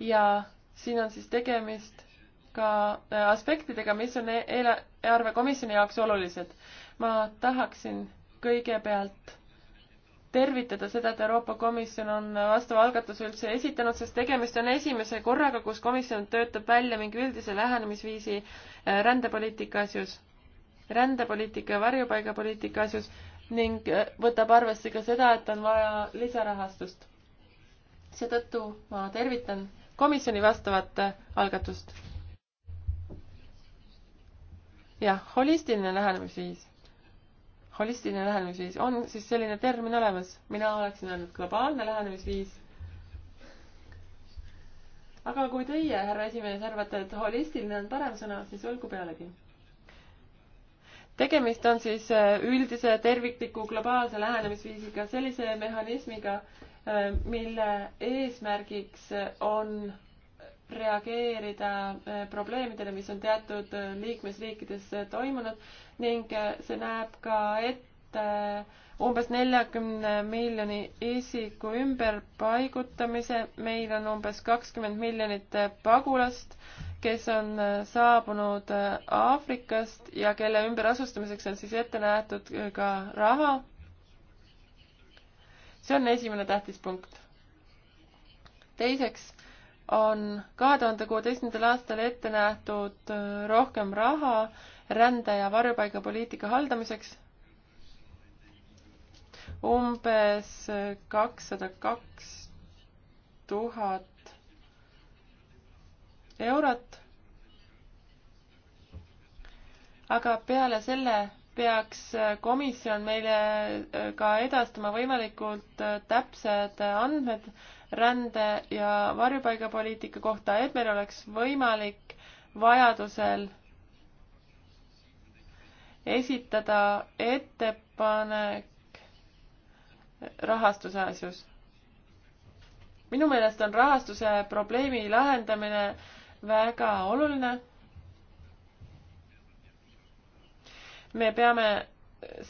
ja siin on siis tegemist ka äh, aspektidega, mis on eelarve komisjoni jaoks olulised. ma tahaksin kõigepealt tervitada seda, et Euroopa Komisjon on vastava algatuse üldse esitanud, sest tegemist on esimese korraga, kus komisjon töötab välja mingi üldise lähenemisviisi äh, rändepoliitika asjus, rändepoliitika ja varjupaigapoliitika asjus ning äh, võtab arvesse ka seda, et on vaja lisarahastust. seetõttu ma tervitan komisjoni vastavat äh, algatust. jah, holistiline lähenemisviis. holistiline lähenemisviis on siis selline termin olemas, mina oleksin öelnud globaalne lähenemisviis. aga kui teie, härra esimees, arvate, et holistiline on parem sõna, siis olgu pealegi tegemist on siis äh, üldise tervikliku globaalse lähenemisviisiga, sellise mehhanismiga, mille eesmärgiks on reageerida eh, probleemidele, mis on teatud eh, liikmesriikides eh, toimunud ning see näeb ka ette umbes neljakümne miljoni isiku ümberpaigutamise. meil on umbes kakskümmend miljonit pagulast, kes on saabunud Aafrikast ja kelle ümberasustamiseks on siis ette nähtud ka raha see on esimene tähtis punkt. teiseks on kahe tuhande kuueteistkümnendal aastal ette nähtud rohkem raha rände- ja varjupaigapoliitika haldamiseks. umbes kakssada kaks tuhat eurot. aga peale selle peaks äh, komisjon meile äh, ka edastama võimalikult äh, täpsed andmed rände ja varjupaigapoliitika kohta, et meil oleks võimalik vajadusel esitada ettepanek rahastuse asjus. minu meelest on rahastuse probleemi lahendamine väga oluline me peame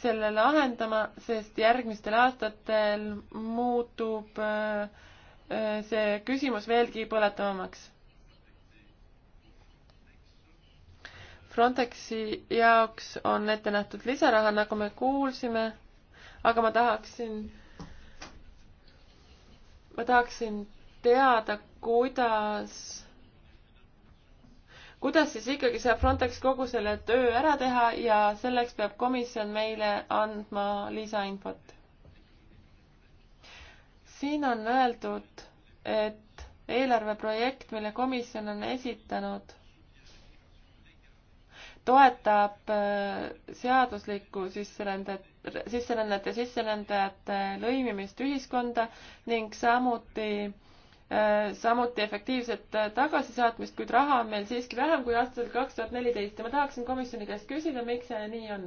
selle lahendama, sest järgmistel aastatel muutub äh, äh, see küsimus veelgi põletavamaks. Frontexi jaoks on ette nähtud lisaraha, nagu me kuulsime, aga ma tahaksin, ma tahaksin teada, kuidas kuidas siis ikkagi saab Frontex kogu selle töö ära teha ja selleks peab komisjon meile andma lisainfot? siin on öeldud, et eelarveprojekt, mille komisjon on esitanud, toetab äh, seaduslikku sisserändet, sisserännet ja sisserändajate lõimimist ühiskonda ning samuti äh, Äh, samuti efektiivset äh, tagasisaatmist, kuid raha on meil siiski vähem kui aastal kaks tuhat neliteist ja ma tahaksin komisjoni käest küsida, miks see nii on.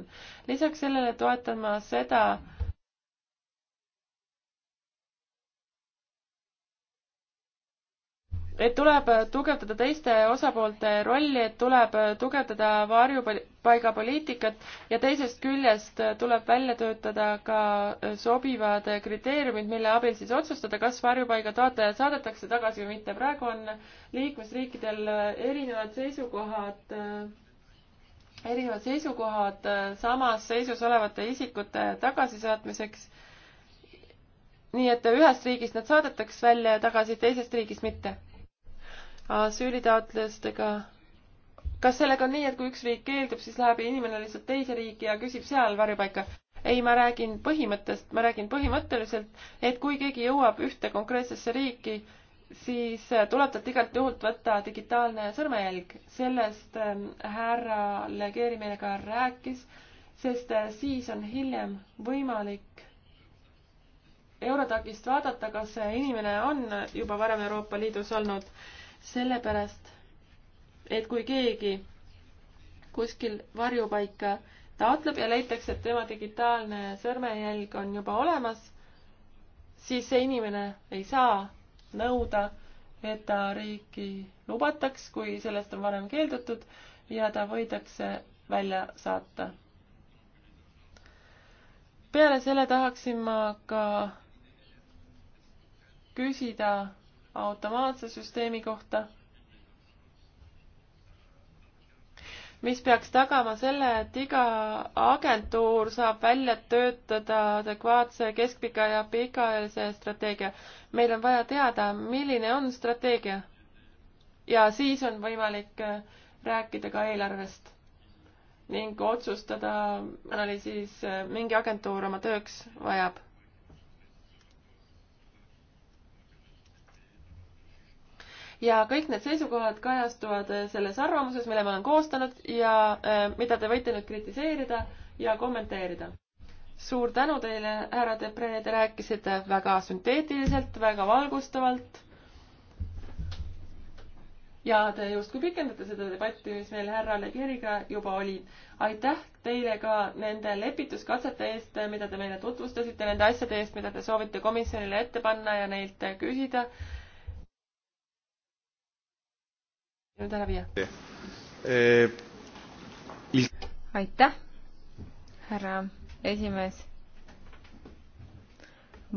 lisaks sellele toetan ma seda, et tuleb tugevdada teiste osapoolte rolli, et tuleb tugevdada varjupaigapoliitikat ja teisest küljest tuleb välja töötada ka sobivad kriteeriumid, mille abil siis otsustada, kas varjupaiga taotleja saadetakse tagasi või mitte. praegu on liikmesriikidel erinevad seisukohad, erinevad seisukohad samas seisus olevate isikute tagasisaatmiseks nii et ühest riigist nad saadetaks välja ja tagasi teisest riigist mitte asüülitaotlustega kas sellega on nii, et kui üks riik keeldub, siis läheb inimene lihtsalt teise riiki ja küsib seal varjupaika? ei, ma räägin põhimõttest, ma räägin põhimõtteliselt, et kui keegi jõuab ühte konkreetsesse riiki, siis äh, tuleb talt igalt juhult võtta digitaalne sõrmejälg. sellest ähm, härra Legeeri meile ka rääkis, sest äh, siis on hiljem võimalik Eurodagist vaadata, kas see inimene on juba varem Euroopa Liidus olnud sellepärast et kui keegi kuskil varjupaika taotleb ja leitakse, et tema digitaalne sõrmejälg on juba olemas, siis see inimene ei saa nõuda, et ta riiki lubataks, kui sellest on varem keeldutud ja ta võidakse välja saata. peale selle tahaksin ma ka küsida automaatse süsteemi kohta, mis peaks tagama selle, et iga agentuur saab välja töötada adekvaatse keskpika ja pikaajalise strateegia. meil on vaja teada, milline on strateegia. ja siis on võimalik äh, rääkida ka eelarvest ning otsustada, millal siis äh, mingi agentuur oma tööks vajab ja kõik need seisukohad kajastuvad äh, selles arvamuses, mille ma olen koostanud ja äh, mida te võite nüüd kritiseerida ja kommenteerida. suur tänu teile, härra Depre, te rääkisite väga sünteetiliselt, väga valgustavalt. ja te justkui pikendate seda debatti, mis meil härra Legeriga juba oli. aitäh teile ka nende lepituskatsete eest, mida te meile tutvustasite, nende asjade eest, mida te soovite komisjonile ette panna ja neilt küsida nüüd ära viia. Eh, aitäh, härra esimees.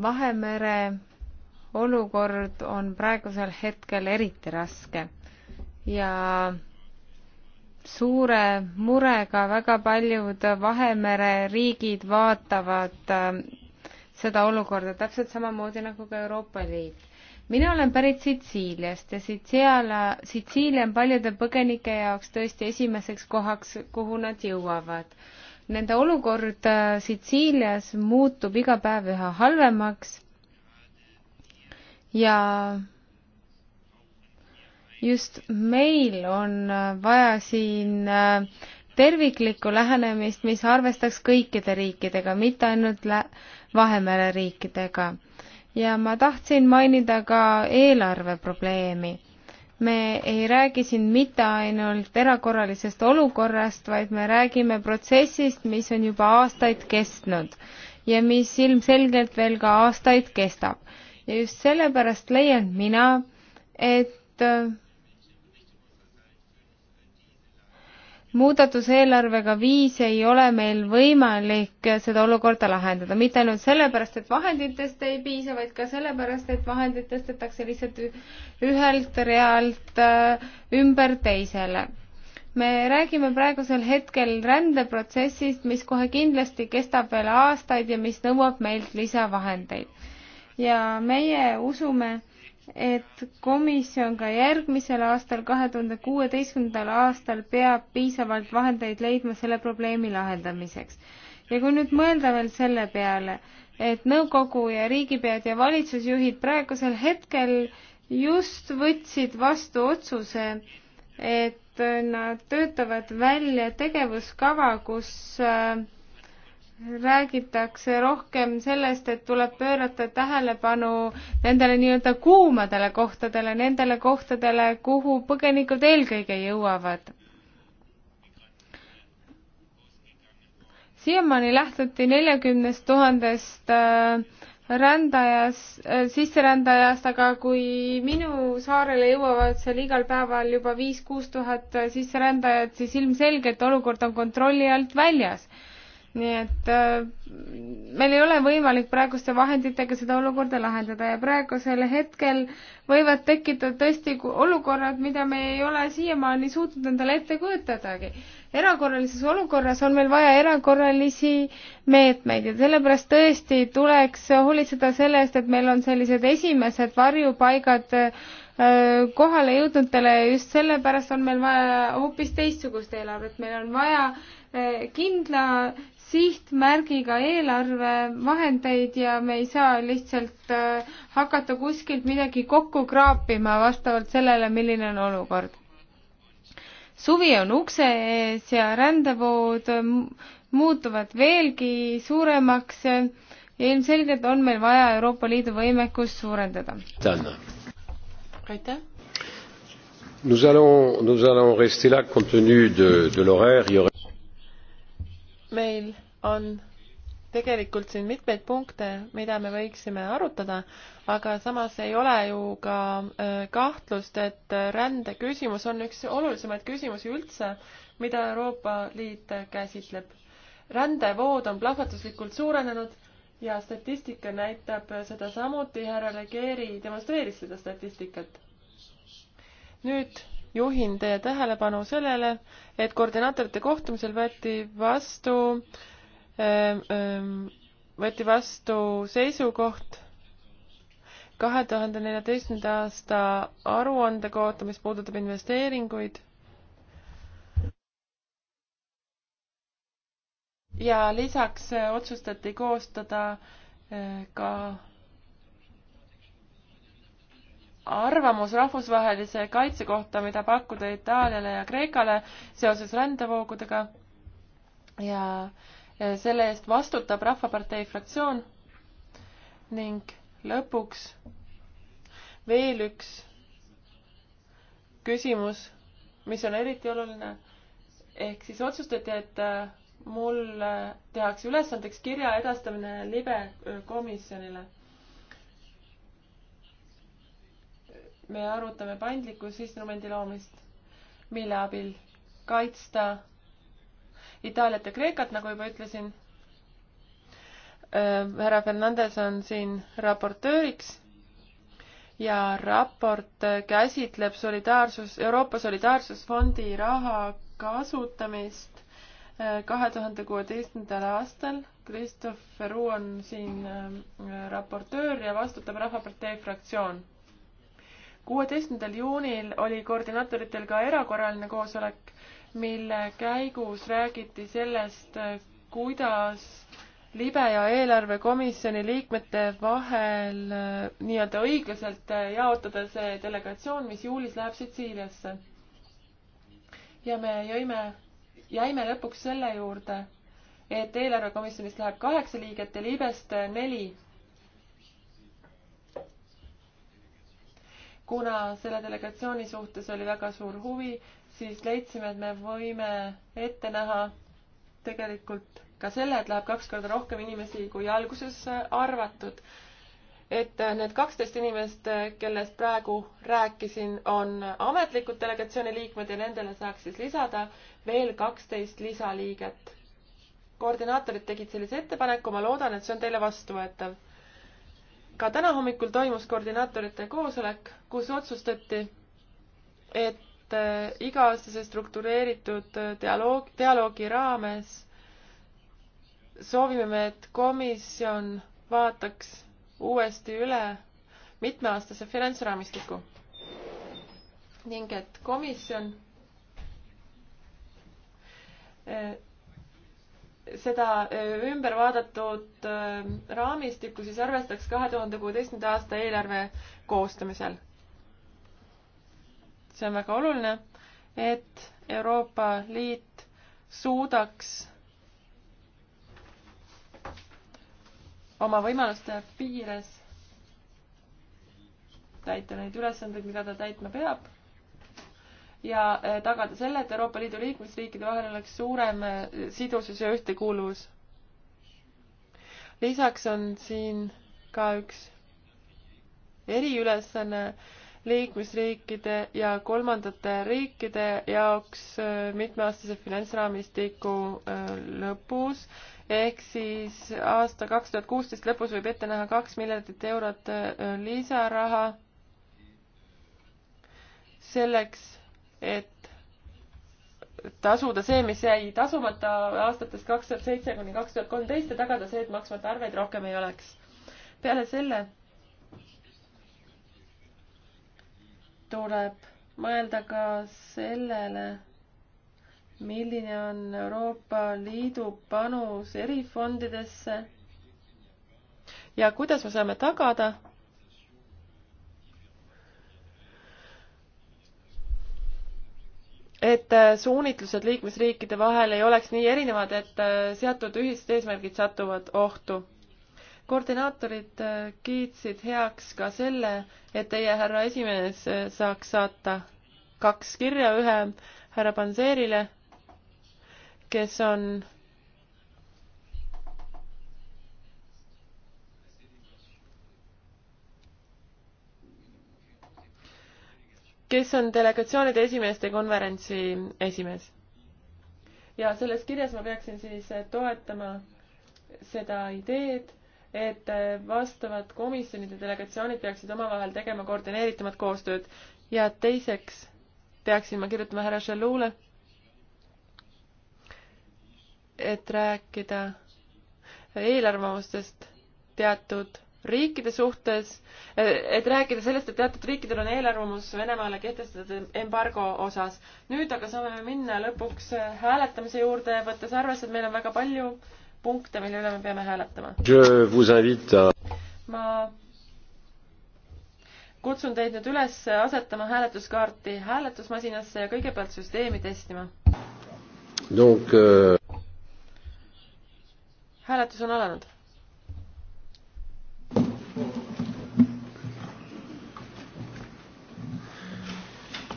Vahemere olukord on praegusel hetkel eriti raske ja suure murega väga paljud Vahemere riigid vaatavad äh, seda olukorda täpselt samamoodi nagu ka Euroopa Liit mina olen pärit Sitsiiliast ja Sitsiala, Sitsiilia on paljude põgenike jaoks tõesti esimeseks kohaks, kuhu nad jõuavad. Nende olukord äh, Sitsiilias muutub iga päev üha halvemaks ja just meil on äh, vaja siin äh, terviklikku lähenemist, mis arvestaks kõikide riikidega, mitte ainult Vahemere riikidega ja ma tahtsin mainida ka eelarveprobleemi. me ei räägi siin mitte ainult erakorralisest olukorrast, vaid me räägime protsessist, mis on juba aastaid kestnud ja mis ilmselgelt veel ka aastaid kestab. ja just sellepärast leian mina, et muudatuseelarvega viis ei ole meil võimalik seda olukorda lahendada, mitte ainult sellepärast, et vahenditest ei piisa, vaid ka sellepärast, et vahendid tõstetakse lihtsalt ühelt realt äh, ümber teisele. me räägime praegusel hetkel rändeprotsessist, mis kohe kindlasti kestab veel aastaid ja mis nõuab meilt lisavahendeid. ja meie usume, et komisjon ka järgmisel aastal, kahe tuhande kuueteistkümnendal aastal peab piisavalt vahendeid leidma selle probleemi lahendamiseks. ja kui nüüd mõelda veel selle peale, et nõukogu ja riigipead ja valitsusjuhid praegusel hetkel just võtsid vastu otsuse, et nad töötavad välja tegevuskava, kus äh, räägitakse rohkem sellest, et tuleb pöörata tähelepanu nendele nii-öelda kuumadele kohtadele, nendele kohtadele, kuhu põgenikud eelkõige jõuavad. siiamaani lähtuti neljakümnest tuhandest äh, rändajas, äh, sisserändajast, aga kui minu saarele jõuavad seal igal päeval juba viis-kuus tuhat sisserändajat, siis ilmselgelt olukord on kontrolli alt väljas nii et äh, meil ei ole võimalik praeguste vahenditega seda olukorda lahendada ja praegusel hetkel võivad tekkida tõesti olukorrad, mida me ei ole siiamaani suutnud endale ette kujutadagi. erakorralises olukorras on meil vaja erakorralisi meetmeid ja sellepärast tõesti tuleks hoolitseda selle eest, et meil on sellised esimesed varjupaigad äh, kohale jõudnutele ja just sellepärast on meil vaja hoopis teistsugust eelarvet, meil on vaja äh, kindla sihtmärgiga eelarvevahendeid ja me ei saa lihtsalt äh, hakata kuskilt midagi kokku kraapima vastavalt sellele, milline on olukord. suvi on ukse ees ja rändevood muutuvad veelgi suuremaks ja ilmselgelt on meil vaja Euroopa Liidu võimekust suurendada. aitäh! Nous allons, nous allons rester là compte tenu de, de l'horaire on tegelikult siin mitmeid punkte, mida me võiksime arutada, aga samas ei ole ju ka äh, kahtlust, et rändeküsimus on üks olulisemaid küsimusi üldse, mida Euroopa Liit käsitleb. rändevood on plahvatuslikult suurenenud ja statistika näitab seda samuti, härra Legeeri demonstreeris seda statistikat. nüüd juhin teie tähelepanu sellele, et koordinaatorite kohtumisel võeti vastu äh, Ehm, ehm, võeti vastu seisukoht kahe tuhande neljateistkümnenda aasta aruande kohta, mis puudutab investeeringuid. ja lisaks eh, otsustati koostada eh, ka arvamus rahvusvahelise kaitse kohta, mida pakkuda Itaaliale ja Kreekale seoses rändevoogudega ja äh, selle eest vastutab Rahvapartei fraktsioon ning lõpuks veel üks küsimus, mis on eriti oluline, ehk siis otsustati, et äh, mul äh, tehakse ülesandeks kirja edastamine libe äh, komisjonile. me arutame paindlikkusinstrumendi loomist, mille abil kaitsta Itaaliat ja Kreekat, nagu juba ütlesin. Äh, härra Fernandes on siin raportööriks ja raport äh, käsitleb solidaarsus, Euroopa Solidaarsusfondi raha kasutamist äh, kahe tuhande kuueteistkümnendal aastal. Christopher Uu on siin raportöör ja vastutab Rahvapartei fraktsioon. kuueteistkümnendal juunil oli koordinaatoritel ka erakorraline koosolek mille käigus räägiti sellest, kuidas libe ja eelarvekomisjoni liikmete vahel äh, nii-öelda õiglaselt äh, jaotada see delegatsioon, mis juulis läheb Sitsiiliasse. ja me jõime, jäime lõpuks selle juurde, et eelarvekomisjonist läheb kaheksa liiget ja libest äh, neli. kuna selle delegatsiooni suhtes oli väga suur huvi, siis leidsime, et me võime ette näha tegelikult ka selle, et läheb kaks korda rohkem inimesi, kui alguses arvatud. et need kaksteist inimest, kellest praegu rääkisin, on ametlikud delegatsiooni liikmed ja nendele saaks siis lisada veel kaksteist lisaliiget. koordinaatorid tegid sellise ettepaneku, ma loodan, et see on teile vastuvõetav. ka täna hommikul toimus koordinaatorite koosolek, kus otsustati, et et äh, iga-aastase struktureeritud äh, dialoog, dialoogi raames soovime me, et komisjon vaataks uuesti üle mitmeaastase finantsraamistiku ning et komisjon äh, seda ümber vaadatud raamistikku siis arvestaks kahe tuhande kuueteistkümnenda aasta eelarve koostamisel see on väga oluline, et Euroopa Liit suudaks oma võimaluste piires täita neid ülesandeid, mida ta täitma peab ja eh, tagada selle, et Euroopa Liidu liikmesriikide vahel oleks suurem eh, sidusus ja ühtekuuluvus. lisaks on siin ka üks eriülesanne liikmesriikide ja kolmandate riikide jaoks äh, mitmeaastase finantsraamistiku äh, lõpus ehk siis aasta kaks tuhat kuusteist lõpus võib ette näha kaks miljardit eurot äh, lisaraha selleks, et tasuda see, mis jäi tasumata aastatest kaks tuhat seitse kuni kaks tuhat kolmteist ja tagada see, et maksmata arveid rohkem ei oleks. peale selle tuleb mõelda ka sellele, milline on Euroopa Liidu panus erifondidesse ja kuidas me saame tagada, et äh, suunitlused liikmesriikide vahel ei oleks nii erinevad, et äh, seatud ühised eesmärgid satuvad ohtu koordinaatorid äh, kiitsid heaks ka selle, et teie, härra esimees, äh, saaks saata kaks kirja, ühe härra Panserile, kes on kes on delegatsioonide esimeeste konverentsi esimees. ja selles kirjas ma peaksin siis äh, toetama seda ideed et äh, vastavad komisjonid ja delegatsioonid peaksid omavahel tegema koordineeritumat koostööd ja teiseks peaksin ma kirjutama härra Žalule, et rääkida eelarvamustest teatud riikide suhtes, et rääkida sellest, et teatud riikidel on eelarvamus Venemaale kehtestatud embargo osas. nüüd aga saame minna lõpuks hääletamise juurde, võttes arvesse, et meil on väga palju äh, punkte, mille üle me peame hääletama. ma kutsun teid nüüd üles asetama hääletuskaarti hääletusmasinasse ja kõigepealt süsteemi testima. Donc, euh... hääletus on alanud.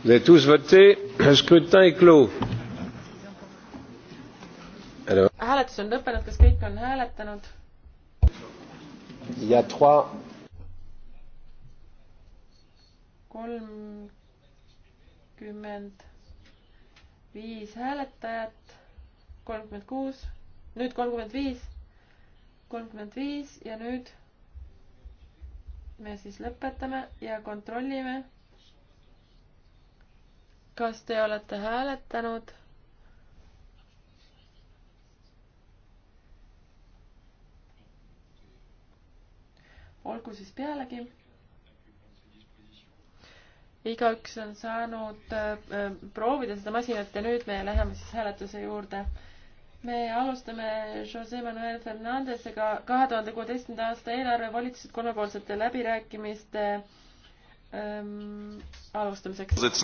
Vous avez tous voté, le scrutin est clos hääletus on lõppenud, kas kõik on hääletanud? ja trois. kolmkümmend viis hääletajat, kolmkümmend kuus, nüüd kolmkümmend viis, kolmkümmend viis ja nüüd me siis lõpetame ja kontrollime, kas te olete hääletanud olgu siis pealegi igaüks on saanud äh, proovida seda masinat ja nüüd me läheme siis hääletuse juurde. me alustame Jose Manuel Fernandesega kahe tuhande kuueteistkümnenda aasta eelarve valitsused kolmepoolsete läbirääkimiste ähm, alustamiseks.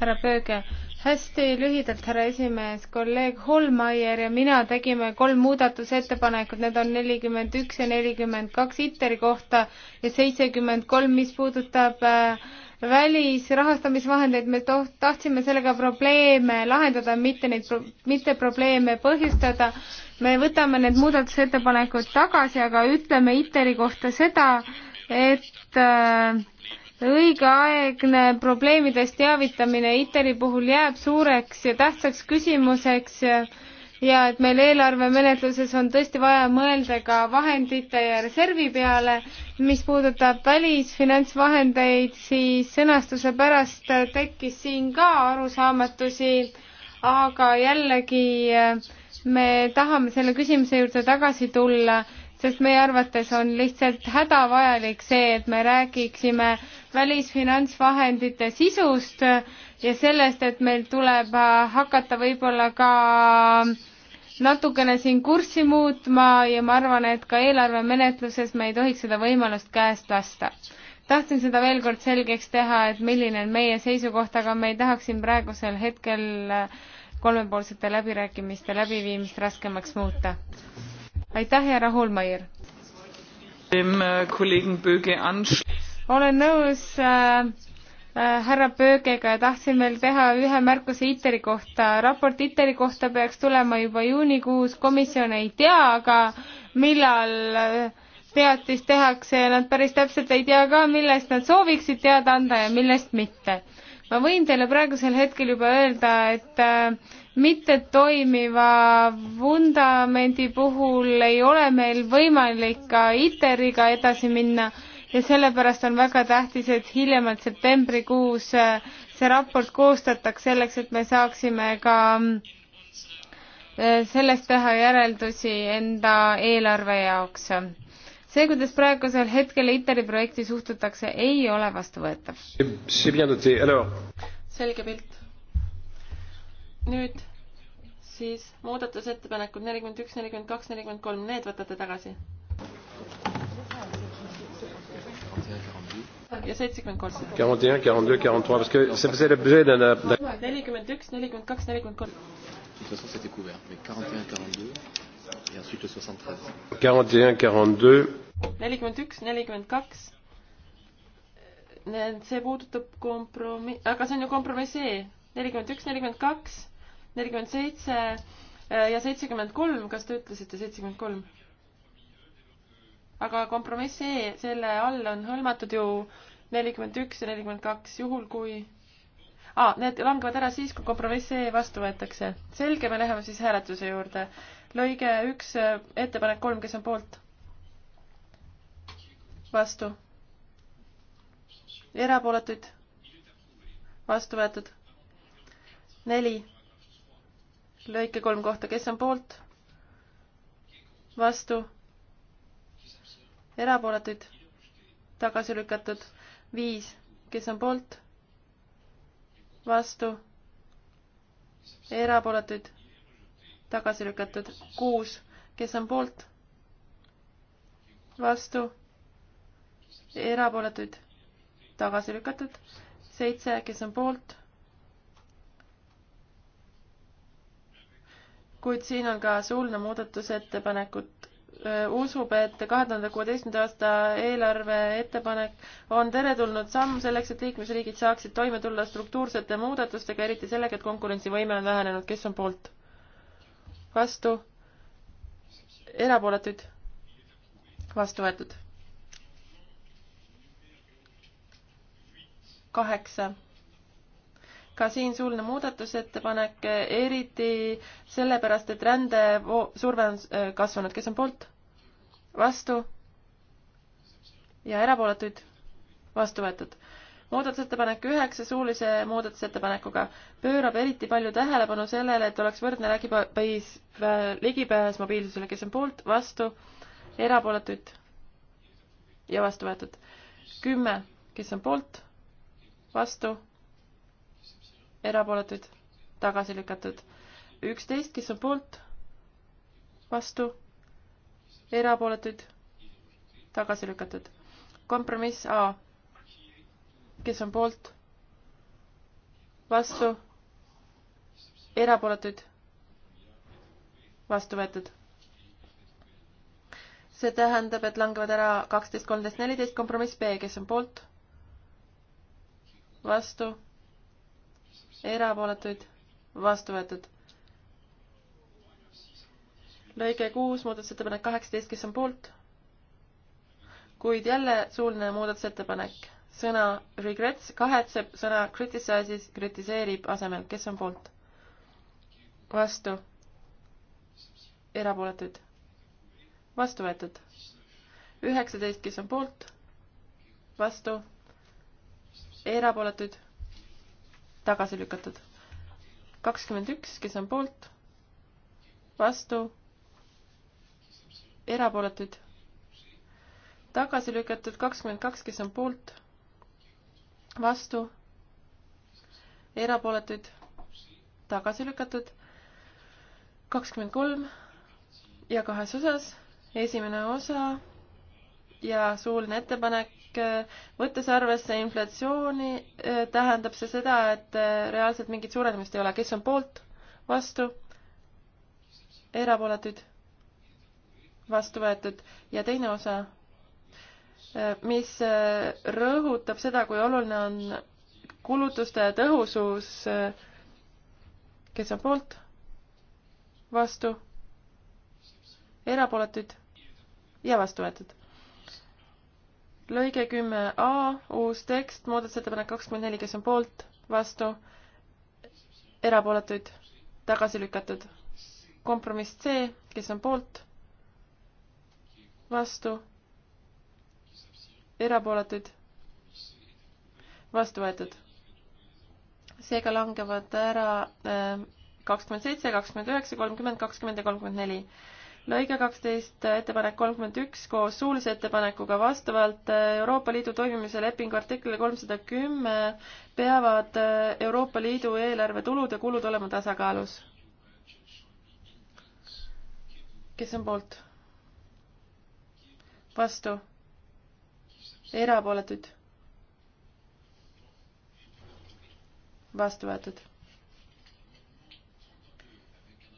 härra Pööge, hästi lühidalt, härra esimees, kolleeg Holmaier ja mina tegime kolm muudatusettepanekut, need on nelikümmend üks ja nelikümmend kaks ITER-i kohta ja seitsekümmend kolm, mis puudutab äh, välisrahastamisvahendeid, me toht-, tahtsime sellega probleeme lahendada, mitte neid, mitte probleeme põhjustada. me võtame need muudatusettepanekud tagasi, aga ütleme ITER-i kohta seda, et äh, õigeaegne probleemidest teavitamine ITER-i puhul jääb suureks ja tähtsaks küsimuseks ja et meil eelarvemenetluses on tõesti vaja mõelda ka vahendite ja reservi peale. mis puudutab välisfinantsvahendeid, siis sõnastuse pärast tekkis siin ka arusaamatusi, aga jällegi me tahame selle küsimuse juurde tagasi tulla sest meie arvates on lihtsalt hädavajalik see, et me räägiksime välisfinantsvahendite sisust ja sellest, et meil tuleb hakata võib-olla ka natukene siin kurssi muutma ja ma arvan, et ka eelarvemenetluses me ei tohiks seda võimalust käest lasta. tahtsin seda veel kord selgeks teha, et milline on meie seisukoht, aga me ei tahaks siin praegusel hetkel kolmepoolsete läbirääkimiste läbiviimist raskemaks muuta aitäh, härra Holmeier! Äh, olen nõus äh, äh härra Pöögega ja tahtsin veel teha ühe märkuse ITER-i kohta. raport ITER-i kohta peaks tulema juba juunikuus, komisjon ei tea aga, millal äh, teatis tehakse ja nad päris täpselt ei tea ka, millest nad sooviksid teada anda ja millest mitte ma võin teile praegusel hetkel juba öelda, et äh, mittetoimiva vundamendi puhul ei ole meil võimalik ka ITER-iga edasi minna ja sellepärast on väga tähtis, et hiljemalt septembrikuus äh, see raport koostataks selleks, et me saaksime ka äh, sellest teha järeldusi enda eelarve jaoks see, kuidas praegusel hetkel ITER-i projekti suhtutakse, ei ole vastuvõetav. selge pilt. nüüd siis muudatusettepanekud nelikümmend üks, nelikümmend kaks, nelikümmend kolm, need võtate tagasi. ja seitsekümmend kolm. nelikümmend üks, nelikümmend kaks, nelikümmend kolm ja ensuite le 73. 41, 42. 41, 42. Need, see puudutab kompromi-, aga see on ju kompromiss E. nelikümmend üks, nelikümmend kaks, nelikümmend seitse äh, ja seitsekümmend kolm, kas te ütlesite seitsekümmend kolm? aga kompromiss E, selle all on hõlmatud ju nelikümmend üks ja nelikümmend kaks, juhul kui ah,. Need langevad ära siis, kui kompromiss E vastu võetakse. selge, me läheme siis hääletuse juurde lõige üks, ettepanek kolm, kes on poolt? vastu. erapooletuid? vastu võetud. neli. lõike kolm kohta, kes on poolt? vastu. erapooletuid? tagasi lükatud. viis, kes on poolt? vastu. erapooletuid? tagasi lükatud. kuus, kes on poolt? vastu? erapooletuid? tagasi lükatud. seitse, kes on poolt? kuid siin on ka suuline muudatusettepanekut usub, et kahe tuhande kuueteistkümnenda aasta eelarve ettepanek on teretulnud samm selleks, et liikmesriigid saaksid toime tulla struktuursete muudatustega, eriti sellega, et konkurentsivõime on vähenenud. kes on poolt? vastu, erapooletuid, vastu võetud. kaheksa. ka siin suuline muudatusettepanek, eriti sellepärast, et rändesurve on äh, kasvanud, kes on poolt, vastu ja erapooletuid, vastu võetud muudatusettepanek üheksa suulise muudatusettepanekuga pöörab eriti palju tähelepanu sellele, et oleks võrdne läbipääs, äh, ligipääs mobiilsusele, kes on poolt, vastu, erapooletuid ja vastu võetud. kümme, kes on poolt, vastu, erapooletuid, tagasi lükatud. üksteist, kes on poolt, vastu, erapooletuid, tagasi lükatud. kompromiss A kes on poolt? vastu? erapooletuid? vastu võetud. see tähendab, et langevad ära kaksteist, kolmteist, neliteist, kompromiss B, kes on poolt? vastu? erapooletuid? vastu võetud. lõige kuus, muudatusettepanek kaheksateist, kes on poolt? kuid jälle suuline muudatusettepanek sõna regrets, kahetseb, sõna criticizes, kritiseerib asemel, kes on poolt? vastu. erapooletuid? vastu võetud. üheksateist, kes on poolt? vastu. erapooletuid? tagasi lükatud. kakskümmend üks, kes on poolt? vastu. erapooletuid? tagasi lükatud kakskümmend kaks, kes on poolt? vastu, erapooletuid tagasi lükatud, kakskümmend kolm ja kahes osas, esimene osa ja suuline ettepanek, eh, võttes arvesse inflatsiooni, eh, tähendab see seda, et eh, reaalselt mingit suurenemist ei ole, kes on poolt, vastu, erapooletuid, vastu võetud ja teine osa mis äh, rõhutab seda, kui oluline on kulutuste tõhusus. Äh, kes on poolt? vastu? erapooletuid? ja vastu võetud. lõige kümme A, uus tekst, muudatusettepanek kakskümmend neli, kes on poolt, vastu, erapooletuid, tagasi lükatud. kompromiss C, kes on poolt, vastu erapooletuid, vastu võetud. seega langevad ära äh, kakskümmend seitse, kakskümmend üheksa, kolmkümmend, kakskümmend ja kolmkümmend neli. lõige kaksteist, ettepanek kolmkümmend üks koos suulise ettepanekuga vastavalt äh, Euroopa Liidu toimimise lepingu artiklile kolmsada kümme peavad äh, Euroopa Liidu eelarve tulud ja kulud olema tasakaalus. kes on poolt? vastu erapooletuid, vastu võetud.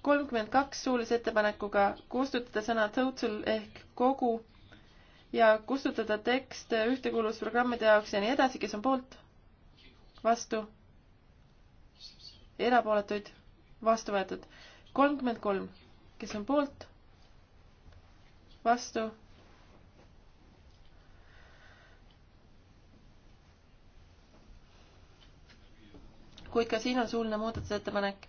kolmkümmend kaks suulise ettepanekuga kustutada sõna total ehk kogu ja kustutada tekst ühtekuuluvusprogrammide jaoks ja nii edasi, kes on poolt, vastu, erapooletuid, vastu võetud. kolmkümmend kolm, kes on poolt, vastu kuid ka siin on suuline muudatusettepanek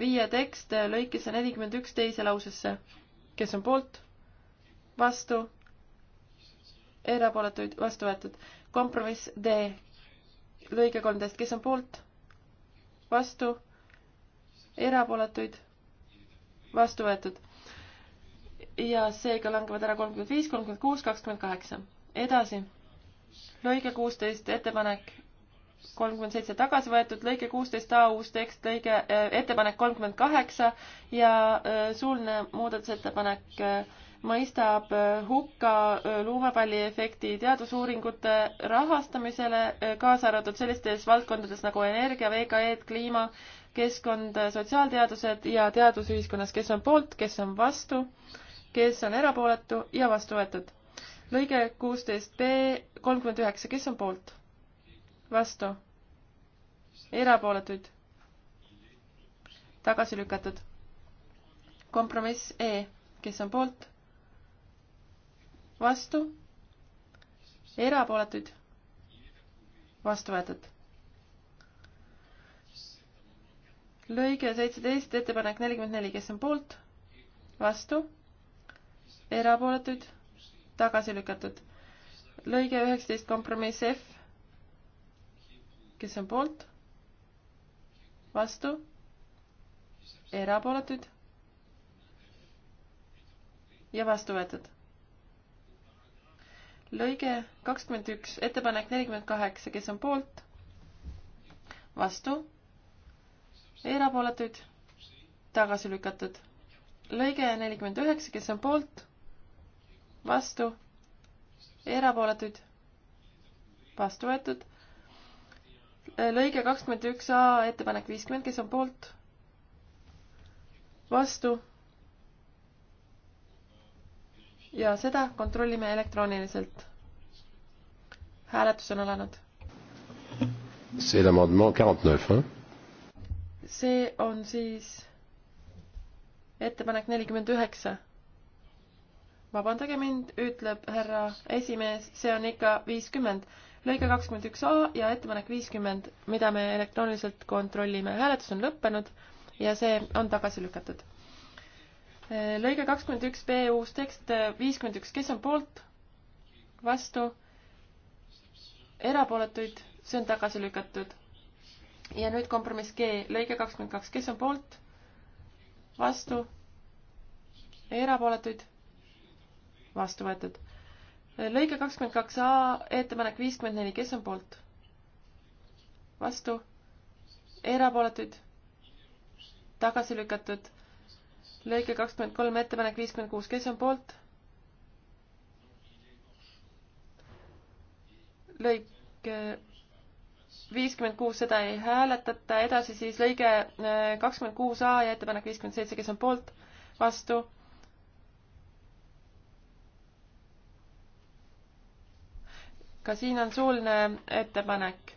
viie tekst lõikesse nelikümmend üks teise lausesse. kes on poolt? vastu? erapooletuid vastu võetud. kompromiss D lõige kolmteist, kes on poolt? vastu? erapooletuid vastu võetud. ja seega langevad ära kolmkümmend viis, kolmkümmend kuus, kakskümmend kaheksa. edasi lõige kuusteist, ettepanek kolmkümmend seitse tagasi võetud, lõige kuusteist A uus tekst, lõige äh,, ettepanek kolmkümmend kaheksa ja äh, suuline muudatusettepanek äh, mõistab äh, hukka äh, luumepalliefekti teadusuuringute rahastamisele, äh, kaasa arvatud sellistes valdkondades nagu energia, VKE-d, kliima, keskkond, sotsiaalteadused ja teadus ühiskonnas, kes on poolt, kes on vastu, kes on erapooletu ja vastu võetud. lõige kuusteist B kolmkümmend üheksa, kes on poolt? vastu, erapooletuid, tagasi lükatud. kompromiss E, kes on poolt, vastu, erapooletuid, vastu võetud. lõige seitseteist, ettepanek nelikümmend neli, kes on poolt, vastu, erapooletuid, tagasi lükatud. lõige üheksateist, kompromiss F kes on poolt? vastu? erapooletuid? ja vastu võetud. lõige kakskümmend üks, ettepanek nelikümmend kaheksa, kes on poolt? vastu? erapooletuid? tagasi lükatud. lõige nelikümmend üheksa, kes on poolt? vastu? erapooletuid? vastu võetud lõige kakskümmend üks A ettepanek viiskümmend, kes on poolt? vastu? ja seda kontrollime elektrooniliselt. hääletus on alanud. see on siis ettepanek nelikümmend üheksa vabandage mind, ütleb härra esimees, see on ikka viiskümmend lõige kakskümmend üks A ja ettepanek viiskümmend, mida me elektrooniliselt kontrollime. hääletus on lõppenud ja see on tagasi lükatud. lõige kakskümmend üks B uus tekst viiskümmend üks, kes on poolt, vastu, erapooletuid, see on tagasi lükatud. ja nüüd kompromiss G, lõige kakskümmend kaks, kes on poolt, vastu, erapooletuid, vastu võetud lõige kakskümmend kaks A, ettepanek viiskümmend neli, kes on poolt? vastu? erapooletuid? tagasi lükatud? lõige kakskümmend kolm, ettepanek viiskümmend kuus, kes on poolt? lõike viiskümmend kuus, seda ei hääletata, edasi siis lõige kakskümmend kuus A ja ettepanek viiskümmend seitse, kes on poolt, vastu, ka siin on suuline ettepanek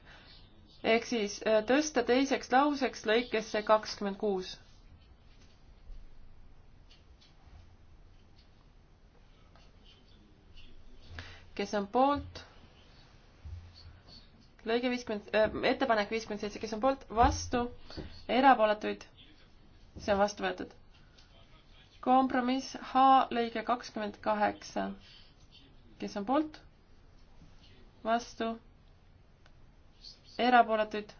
ehk siis äh, tõsta teiseks lauseks lõikesse kakskümmend kuus. kes on poolt? lõige viiskümmend äh,, ettepanek viiskümmend seitse, kes on poolt, vastu, erapooletuid, see on vastu võetud. kompromiss H lõige kakskümmend kaheksa, kes on poolt vastu, erapooletuid,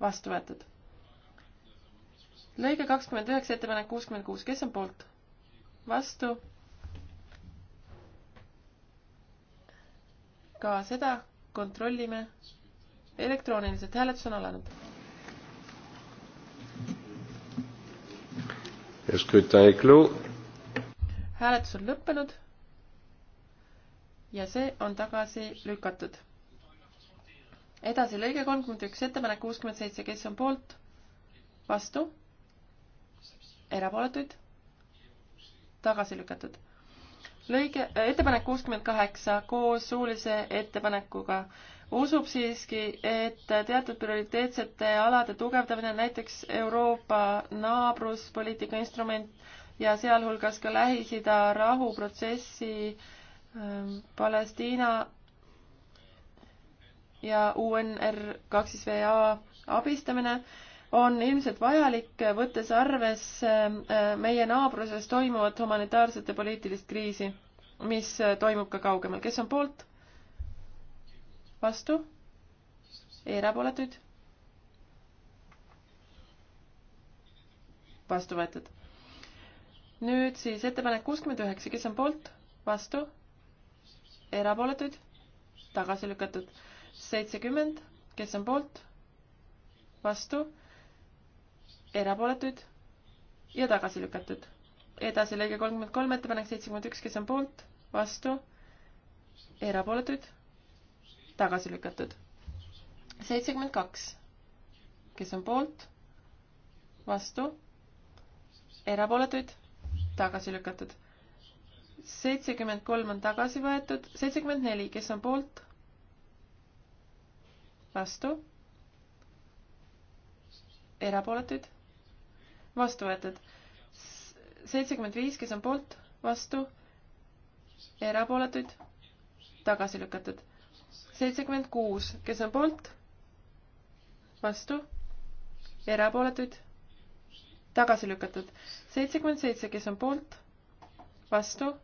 vastu võetud. lõige kakskümmend üheksa, ettepanek kuuskümmend kuus, kes on poolt? vastu. ka seda kontrollime elektrooniliselt, hääletus on alanud. hääletus on lõppenud ja see on tagasi lükatud. edasi lõige kolmkümmend üks, ettepanek kuuskümmend seitse, kes on poolt? vastu? erapooletuid? tagasi lükatud. lõige, äh, ettepanek kuuskümmend kaheksa koos suulise ettepanekuga usub siiski, et teatud prioriteetsete alade tugevdamine, näiteks Euroopa naabruspoliitika instrument ja sealhulgas ka Lähis-Ida rahuprotsessi äh, Ähm, Palestiina ja UNR kaks siis VA abistamine on ilmselt vajalik, võttes arvesse äh, meie naabruses toimuvat humanitaarset ja poliitilist kriisi, mis äh, toimub ka kaugemal. kes on poolt? vastu? erapooletuid? vastu võetud. nüüd siis ettepanek kuuskümmend üheksa, kes on poolt? vastu? erapooletuid, tagasi lükatud. seitsekümmend, kes on poolt, vastu, erapooletuid ja tagasi lükatud. edasi lõige kolmkümmend kolm, ettepanek seitsekümmend üks, kes on poolt, vastu, erapooletuid, tagasi lükatud. seitsekümmend kaks, kes on poolt, vastu, erapooletuid, tagasi lükatud seitsekümmend kolm on tagasi võetud, seitsekümmend neli, kes on poolt? vastu? erapooletuid? vastu võetud. seitsekümmend viis, kes on poolt? vastu? erapooletuid? tagasi lükatud. seitsekümmend kuus, kes on poolt? vastu? erapooletuid? tagasi lükatud. seitsekümmend seitse, kes on poolt? vastu?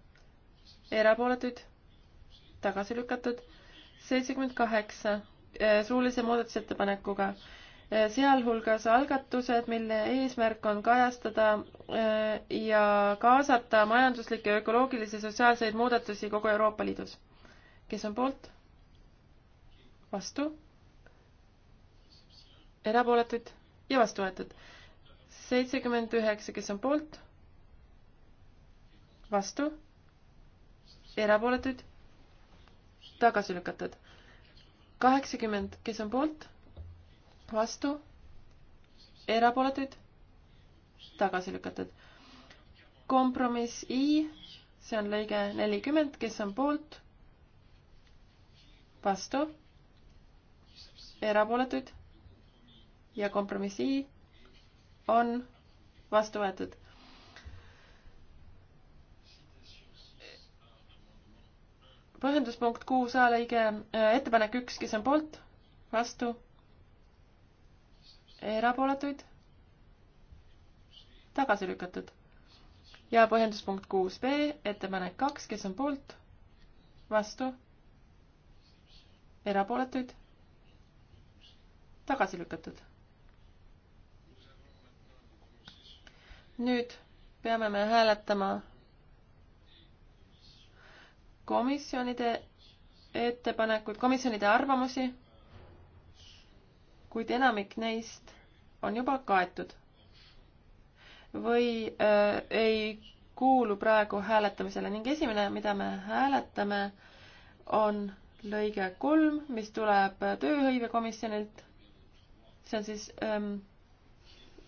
erapooletuid, tagasi lükatud, seitsekümmend kaheksa eh, suulise muudatusettepanekuga, eh, sealhulgas algatused, mille eesmärk on kajastada eh, ja kaasata majanduslikke, ökoloogilisi, sotsiaalseid muudatusi kogu Euroopa Liidus. kes on poolt? vastu? erapooletuid ja vastu võetud. seitsekümmend üheksa, kes on poolt? vastu erapooletuid, tagasi lükatud. kaheksakümmend, kes on poolt, vastu, erapooletuid, tagasi lükatud. kompromiss I, see on lõige nelikümmend, kes on poolt, vastu, erapooletuid ja kompromiss I on vastu võetud põhjenduspunkt kuus A lõige äh, ettepanek üks, kes on poolt, vastu, erapooletuid, tagasi lükatud. ja põhjenduspunkt kuus B ettepanek kaks, kes on poolt, vastu, erapooletuid, tagasi lükatud. nüüd peame me hääletama komisjonide ettepanekuid, komisjonide arvamusi, kuid enamik neist on juba kaetud või äh, ei kuulu praegu hääletamisele ning esimene, mida me hääletame, on lõige kolm, mis tuleb tööhõivekomisjonilt. see on siis ähm,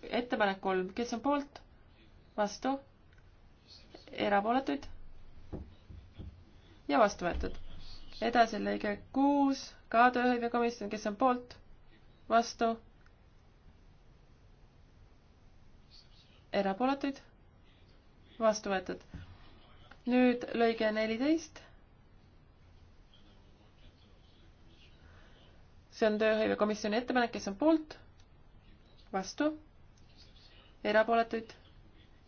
ettepanek kolm, kes on poolt, vastu, erapooletuid ja vastu võetud. edasi lõige kuus, ka tööhõivekomisjon, kes on poolt, vastu, erapooletuid, vastu võetud. nüüd lõige neliteist. see on tööhõivekomisjoni ettepanek, kes on poolt, vastu, erapooletuid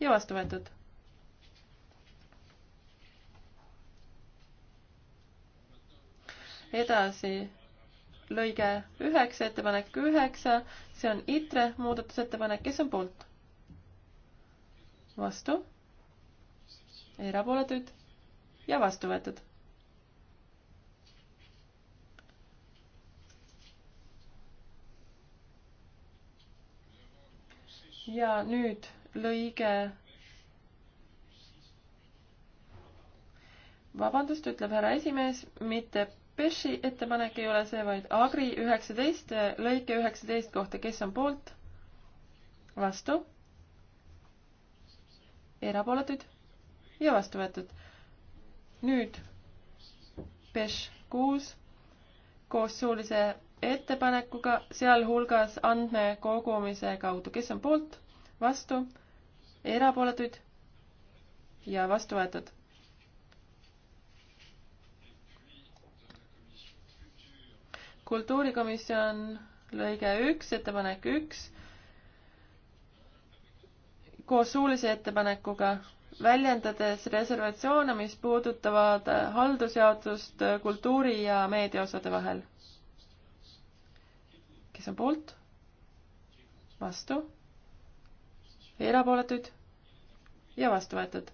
ja vastu võetud edasi lõige üheksa, ettepanek üheksa, see on ITRE muudatusettepanek, kes on poolt? vastu, erapooletuid ja vastu võetud. ja nüüd lõige. vabandust, ütleb härra esimees, mitte Peši ettepanek ei ole see, vaid Agri üheksateist, lõike üheksateist kohta, kes on poolt? vastu? erapooletuid? ja vastu võetud. nüüd Peš kuus koos suulise ettepanekuga, sealhulgas andmekogumise kaudu, kes on poolt, vastu, erapooletuid ja vastu võetud kultuurikomisjon lõige üks, ettepanek üks, koos suulise ettepanekuga, väljendades reservatsioone, mis puudutavad haldusjaotust kultuuri ja meediaosade vahel. kes on poolt? vastu? erapooletuid? ja vastu võetud.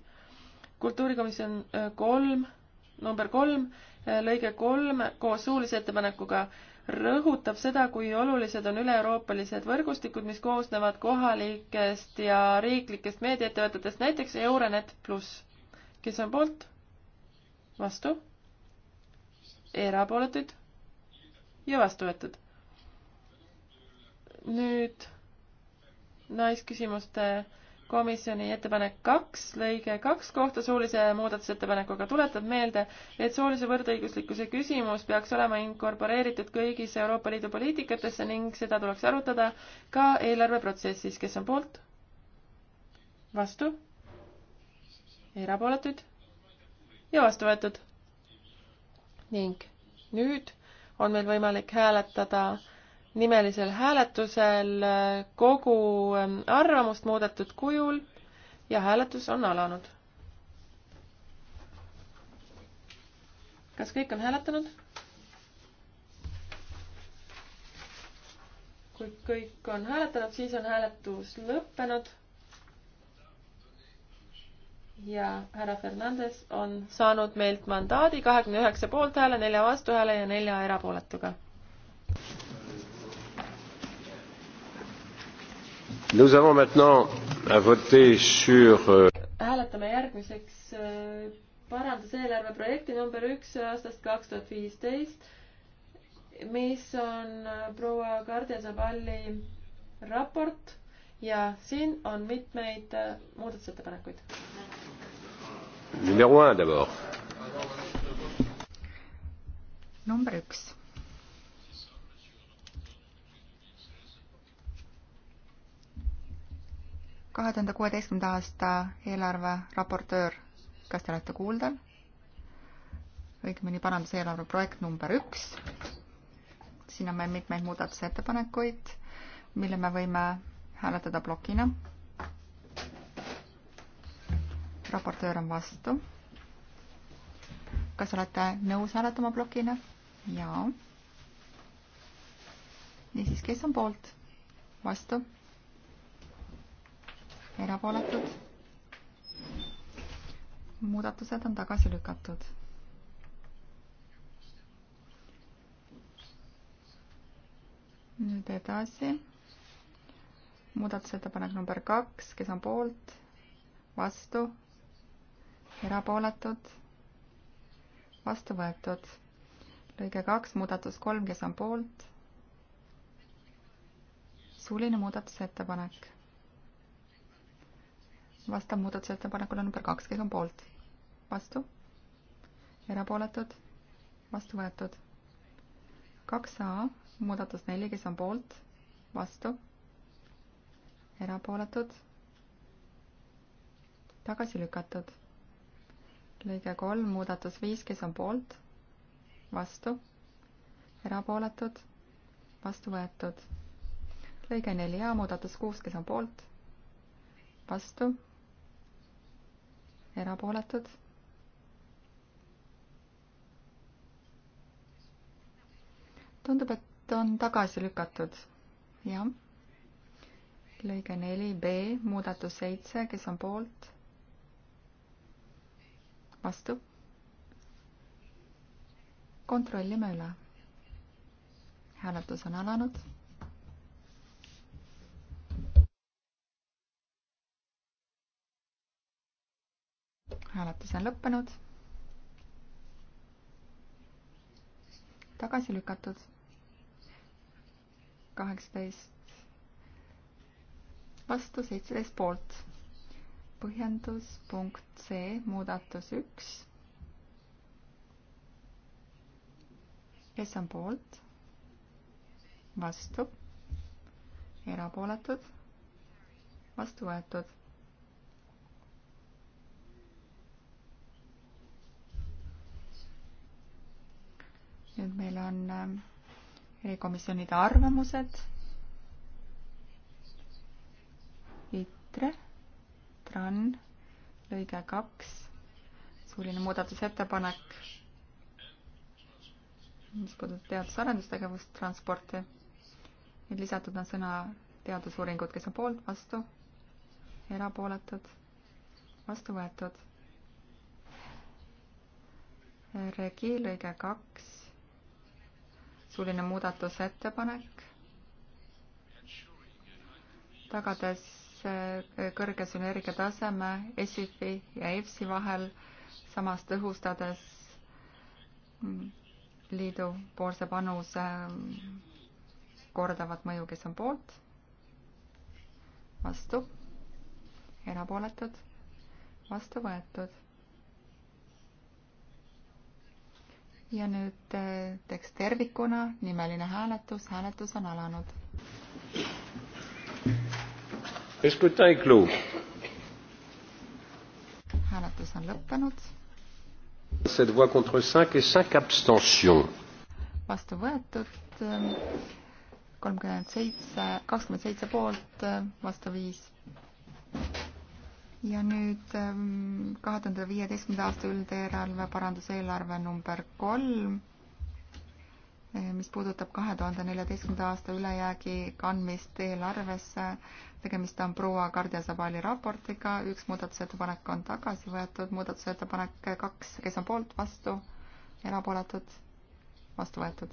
kultuurikomisjon kolm, number kolm lõige kolm koos suulise ettepanekuga rõhutab seda, kui olulised on üle-euroopalised võrgustikud, mis koosnevad kohalikest ja riiklikest meediaettevõtetest, näiteks Euronet pluss. kes on poolt? vastu? erapooletuid? ja vastu võetud. nüüd naisküsimuste nice komisjoni ettepanek kaks, lõige kaks kohta suulise muudatusettepanekuga tuletab meelde, et soolise võrdõiguslikkuse küsimus peaks olema inkorporeeritud kõigis Euroopa Liidu poliitikatesse ning seda tuleks arutada ka eelarveprotsessis, kes on poolt? vastu? erapooletuid? ja vastu võetud. ning nüüd on meil võimalik hääletada nimelisel hääletusel kogu ähm, arvamust muudetud kujul ja hääletus on alanud. kas kõik on hääletanud? kui kõik on hääletanud, siis on hääletus lõppenud. ja härra Fernandes on saanud meilt mandaadi kahekümne üheksa poolthääle, nelja vastuhääle ja nelja erapooletuga Nous avons maintenant à voter sur euh, hääletame järgmiseks äh, paranduseelarve projekti number üks aastast kaks tuhat viisteist, mis on äh, proua Kardia Zavalli raport ja siin on mitmeid äh, muudatusettepanekuid. number üks kahe tuhande kuueteistkümnenda aasta eelarve raportöör, kas te olete kuuldel? õigemini paranduseelarve projekt number üks. siin on meil mitmeid muudatusettepanekuid, mille me võime hääletada plokina. raportöör on vastu. kas olete nõus hääletama plokina? jaa. niisiis, kes on poolt? vastu? erapooletud. muudatused on tagasi lükatud. nüüd edasi. muudatusettepanek number kaks, kes on poolt, vastu, erapooletud, vastu võetud. lõige kaks, muudatus kolm, kes on poolt. suuline muudatusettepanek vastav muudatusettepanekule number kaks, kes on poolt, vastu, erapooletud, vastu võetud. kaks A, muudatus neli, kes on poolt, vastu, erapooletud, tagasi lükatud. lõige kolm, muudatus viis, kes on poolt, vastu, erapooletud, vastu võetud. lõige neli A, muudatus kuus, kes on poolt, vastu erapooletud. tundub, et on tagasi lükatud, jah. lõige neli B, muudatus seitse, kes on poolt? vastu. kontrollime üle. hääletus on alanud hääletus on lõppenud. tagasi lükatud. kaheksateist vastu, seitseteist poolt. põhjendus punkt C, muudatus üks. kes on poolt? vastu. erapooletud? vastu võetud nüüd meil on äh, erikomisjonide arvamused. ITRE, TRAN, lõige kaks, suuline muudatusettepanek, mis puudutab teadus-arendustegevust, transporti. nüüd lisatud on sõna teadusuuringud, kes on poolt, vastu, erapooletud, vastu võetud. Regi lõige kaks suuline muudatusettepanek, tagades äh, kõrge sünergia taseme ESIF-i ja EFSI vahel, samas tõhustades mm, liidu poolse panuse mm, kordavat mõju, kes on poolt, vastu, erapooletud, vastu võetud ja nüüd äh, tekst tervikuna, nimeline hääletus, hääletus on alanud. hääletus on lõppenud. vastu võetud ähm, kolmkümmend seitse, kakskümmend seitse poolt, äh, vastu viis ja nüüd ähm, kahe tuhande viieteistkümnenda aasta üldeelarve paranduseelarve number kolm, äh, mis puudutab kahe tuhande neljateistkümnenda aasta ülejäägi kandmist eelarvesse. tegemist on proua Kardiasabali raportiga, üks muudatusettepanek on tagasi võetud, muudatusettepanek kaks, kes on poolt, vastu, erapooletud, vastu võetud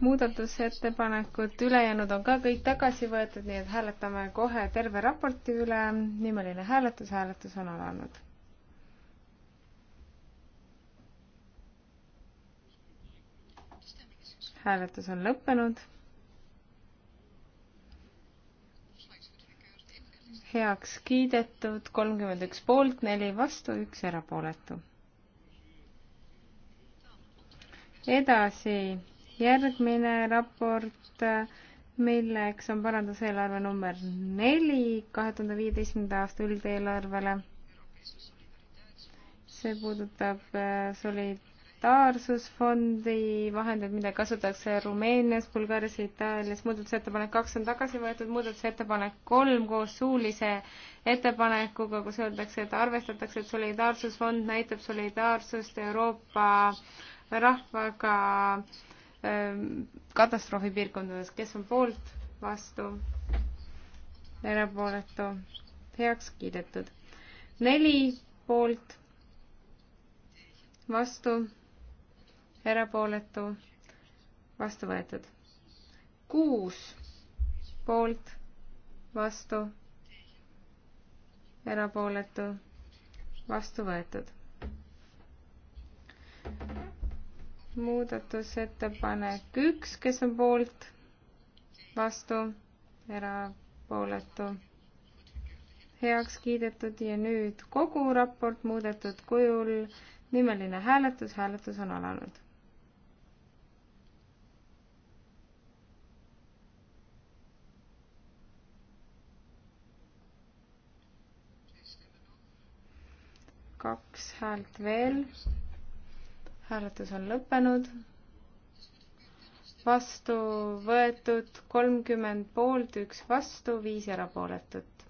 muudatusettepanekud, ülejäänud on ka kõik tagasi võetud, nii et hääletame kohe terve raporti üle. nimeline hääletus, hääletus on alanud. hääletus on lõppenud heaks kiidetud, kolmkümmend üks poolt, neli vastu, üks erapooletu. edasi järgmine raport, milleks on paranduseelarve number neli kahe tuhande viieteistkümnenda aasta üldeelarvele. see puudutab äh, solidaarsusfondi vahendeid, mida kasutatakse Rumeenias, Bulgaarias ja Itaalias. muudatusettepanek kaks on tagasi võetud, muudatusettepanek kolm koos suulise ettepanekuga, kus öeldakse, et arvestatakse, et solidaarsusfond näitab solidaarsust Euroopa rahvaga äh, Ehm, katastroofipiirkondades, kes on poolt, vastu, erapooletu, heaks kiidetud. neli poolt, vastu, erapooletu, vastu võetud. kuus poolt, vastu, erapooletu, vastu võetud muudatusettepanek üks, kes on poolt, vastu, erapooletu, heaks kiidetud ja nüüd kogu raport muudetud kujul, nimeline hääletus, hääletus on alanud kaks häält veel hääletus on lõppenud. vastu võetud kolmkümmend poolt, üks vastu, viis erapooletut.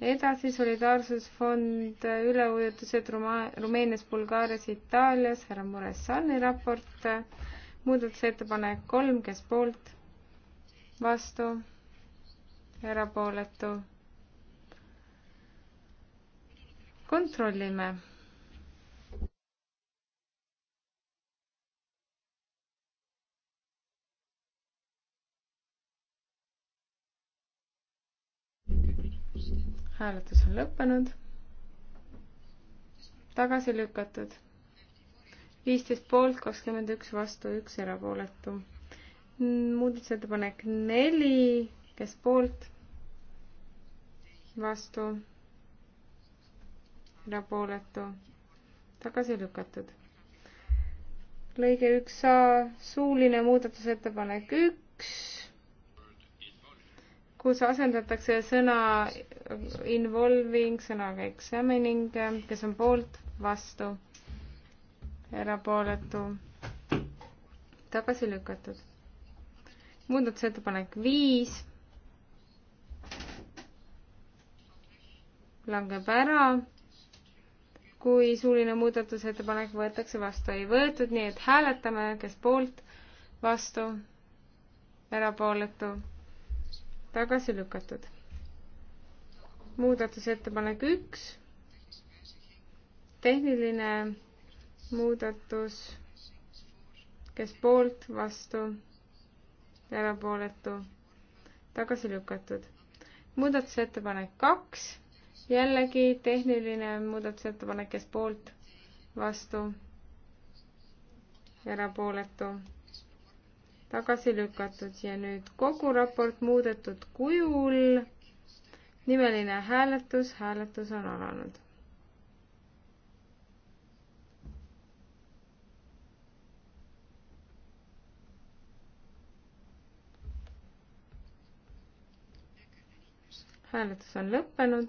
edasi Solidaarsusfond üleujutused Ruma-, Rumeenias, Bulgaarias, Itaalias, härra Muressani raport, muudatusettepanek kolm, kes poolt, vastu, erapooletu. kontrollime hääletus on lõppenud. tagasi lükatud. viisteist poolt, kakskümmend üks vastu, üks erapooletu. muudatusettepanek neli, kes poolt? vastu, erapooletu, tagasi lükatud. lõige üks A, suuline muudatusettepanek üks kus asendatakse sõna involving sõnaga examining, eh, kes on poolt, vastu, erapooletu, tagasi lükatud. muudatusettepanek viis langeb ära, kui suuline muudatusettepanek võetakse vastu, ei võetud, nii et hääletame, kes poolt, vastu, erapooletu tagasi lükatud. muudatusettepanek üks, tehniline muudatus, kes poolt, vastu, erapooletu, tagasi lükatud. muudatusettepanek kaks, jällegi tehniline muudatusettepanek, kes poolt, vastu, erapooletu tagasi lükatud ja nüüd kogu raport muudetud kujul. nimeline hääletus, hääletus on alanud. hääletus on lõppenud.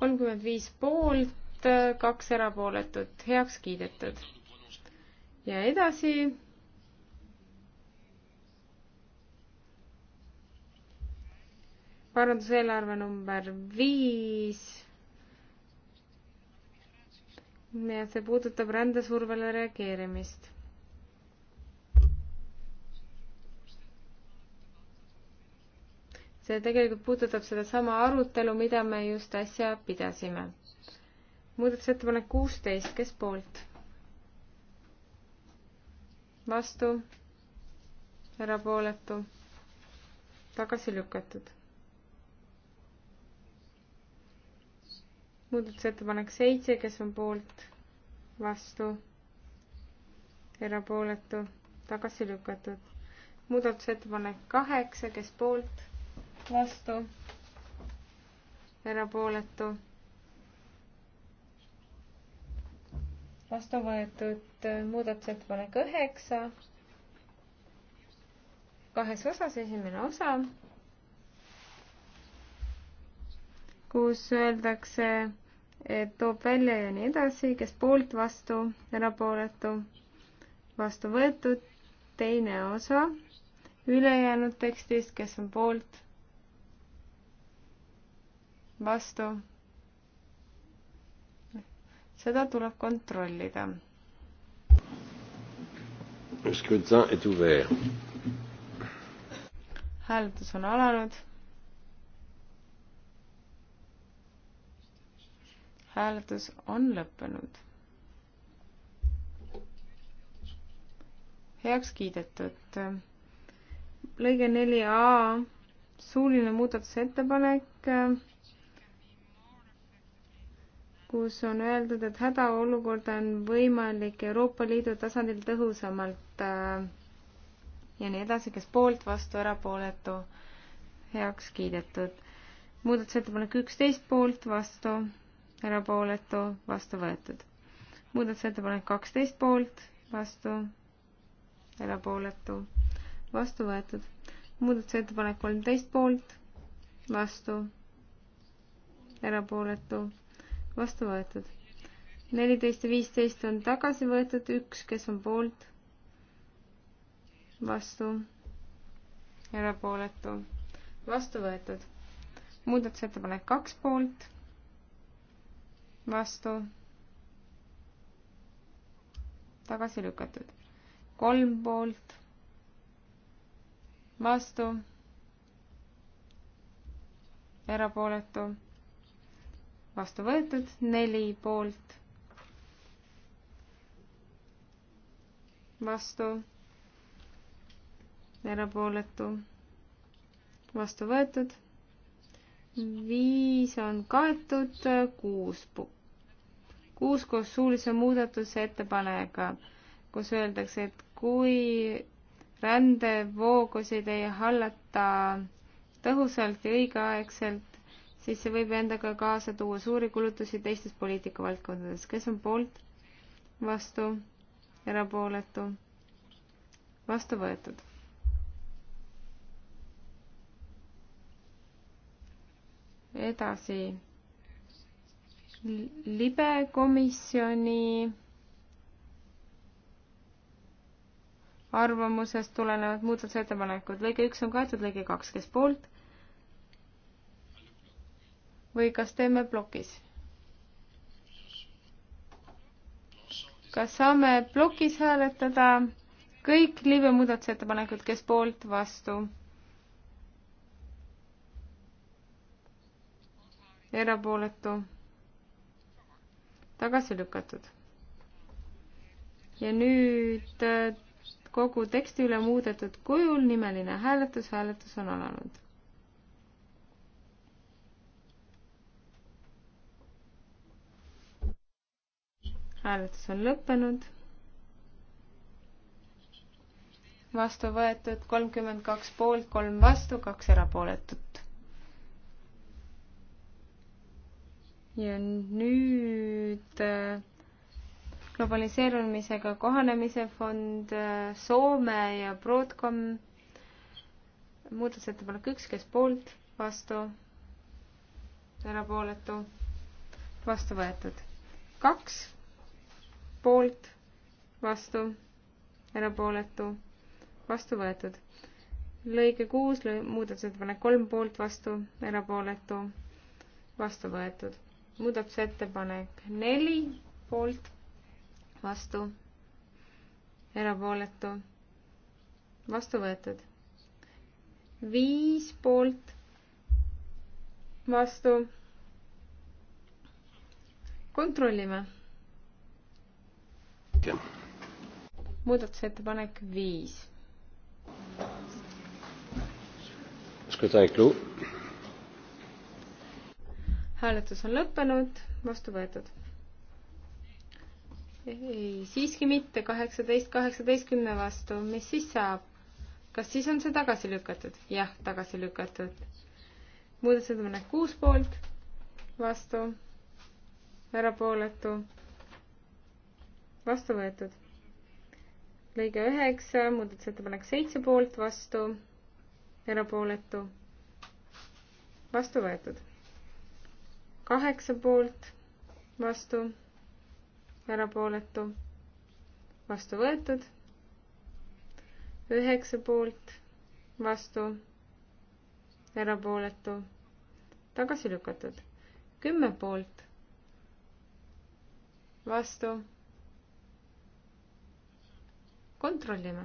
kolmkümmend viis poolt poolt, kaks erapooletut, heaks kiidetud. ja edasi. paranduseelarve number viis. ja see puudutab rändesurvele reageerimist see tegelikult puudutab sedasama arutelu, mida me just äsja pidasime muudatusettepanek kuusteist, kes poolt? vastu, erapooletu, tagasi lükatud. muudatusettepanek seitse, kes on poolt, vastu, erapooletu, tagasi lükatud. muudatusettepanek kaheksa, kes poolt, vastu, erapooletu vastu võetud äh, muudatusettepanek üheksa, kahes osas, esimene osa, kus öeldakse, et toob välja ja nii edasi, kes poolt, vastu, erapooletu, vastu võetud, teine osa ülejäänud tekstist, kes on poolt, vastu seda tuleb kontrollida. hääletus on alanud. hääletus on lõppenud. heaks kiidetud. lõige neli A, suuline muudatusettepanek kus on öeldud, et hädaolukorda on võimalik Euroopa Liidu tasandil tõhusamalt äh, ja nii edasi, kes poolt, vastu, erapooletu, heaks kiidetud. muudatusettepanek üksteist poolt, vastu, erapooletu, vastu võetud. muudatusettepanek kaksteist poolt, vastu, erapooletu, vastu võetud. muudatusettepanek kolmteist poolt, vastu, erapooletu vastu võetud. neliteist ja viisteist on tagasi võetud, üks, kes on poolt, vastu, erapooletu, vastu võetud. muudatusettepanek kaks poolt, vastu, tagasi lükatud. kolm poolt, vastu, erapooletu vastu võetud, neli poolt, vastu, erapooletu, vastu võetud, viis on kaetud, kuus, kuus koos suulise muudatuse ettepanega, kus öeldakse, et kui rändevoogusid ei hallata tõhusalt ja õigeaegselt, siis see võib endaga kaasa tuua suuri kulutusi teistes poliitikavaldkondades. kes on poolt, vastu, erapooletu, vastu võetud? edasi libe komisjoni arvamusest tulenevad muudatusettepanekud. lõige üks on kaetud, lõige kaks, kes poolt, või kas teeme plokis? kas saame plokis hääletada kõik liive muudatusettepanekud, kes poolt, vastu? erapooletu, tagasi lükatud. ja nüüd äh, kogu teksti üle muudetud kujul nimeline hääletus, hääletus on alanud hääletus on lõppenud. vastu võetud kolmkümmend kaks poolt, kolm vastu, kaks erapooletut. ja nüüd äh, globaliseerumisega kohanemise fond äh, Soome ja Broadcom muudatusettepanek üks, kes poolt, vastu, erapooletu, vastu võetud. kaks poolt, vastu, erapooletu, vastu võetud. lõige kuus, muudatusettepanek kolm poolt, vastu, erapooletu, vastu võetud. muudatusettepanek neli poolt, vastu, erapooletu, vastu võetud. viis poolt, vastu. kontrollime muudatusettepanek viis. hääletus on lõppenud, vastu võetud. ei, siiski mitte, kaheksateist kaheksateistkümne vastu, mis siis saab? kas siis on see tagasi lükatud? jah, tagasi lükatud. muudatusettepanek kuus poolt, vastu, erapooletu vastu võetud. lõige üheksa, muudatusettepanek seitse poolt, vastu, erapooletu, vastu võetud. kaheksa poolt, vastu, erapooletu, vastu võetud. üheksa poolt, vastu, erapooletu, tagasi lükatud. kümme poolt, vastu kontrollime.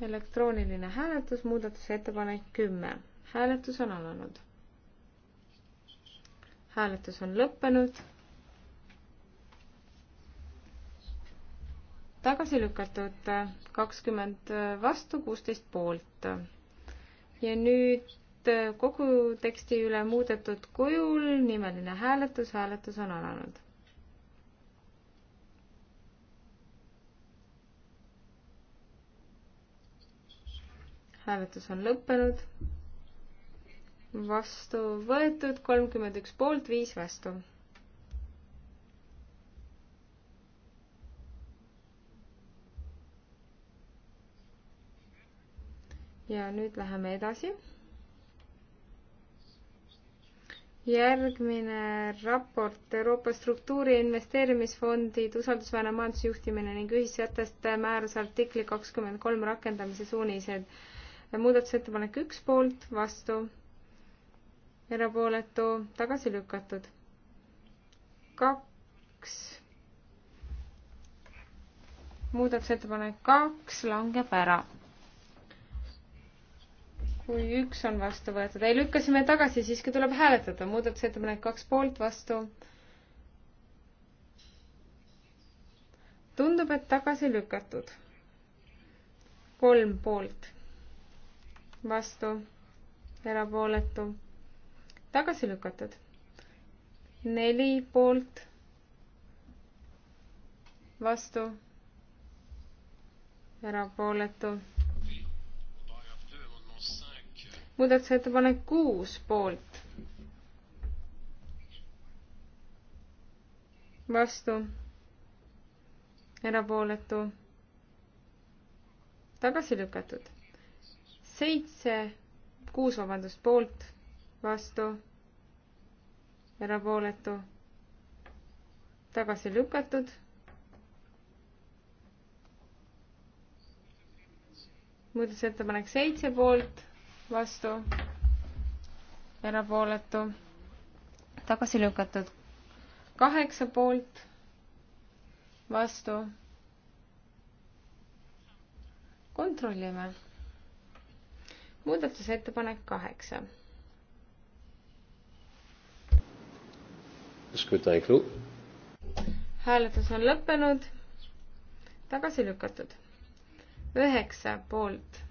elektrooniline hääletus, muudatusettepanek kümme. hääletus on alanud. hääletus on lõppenud. tagasi lükatud äh, kakskümmend äh, vastu, kuusteist poolt. ja nüüd äh, kogu teksti üle muudetud kujul nimeline hääletus, hääletus on alanud hääletus on lõppenud. vastu võetud kolmkümmend üks poolt, viis vastu. ja nüüd läheme edasi. järgmine raport Euroopa struktuuri investeerimisfondid, usaldusväärne majandusjuhtimine ning ühissäteste määruse artikli kakskümmend kolm rakendamise suunised muudatusettepanek üks poolt, vastu, erapooletu, tagasi lükatud. kaks, muudatusettepanek kaks langeb ära. kui üks on vastu võetud, ei lükkasime tagasi, siiski tuleb hääletada, muudatusettepanek kaks poolt, vastu. tundub, et tagasi lükatud. kolm poolt vastu, erapooletu, tagasi lükatud. neli poolt, vastu, erapooletu. muudatusettepanek kuus poolt, vastu, erapooletu, tagasi lükatud seitse, kuus, vabandust, poolt, vastu, erapooletu, tagasi lükatud. muudatusettepanek seitse poolt, vastu, erapooletu, tagasi lükatud. kaheksa poolt, vastu. kontrollime muudatusettepanek kaheksa. hääletus on lõppenud, tagasi lükatud. üheksa poolt,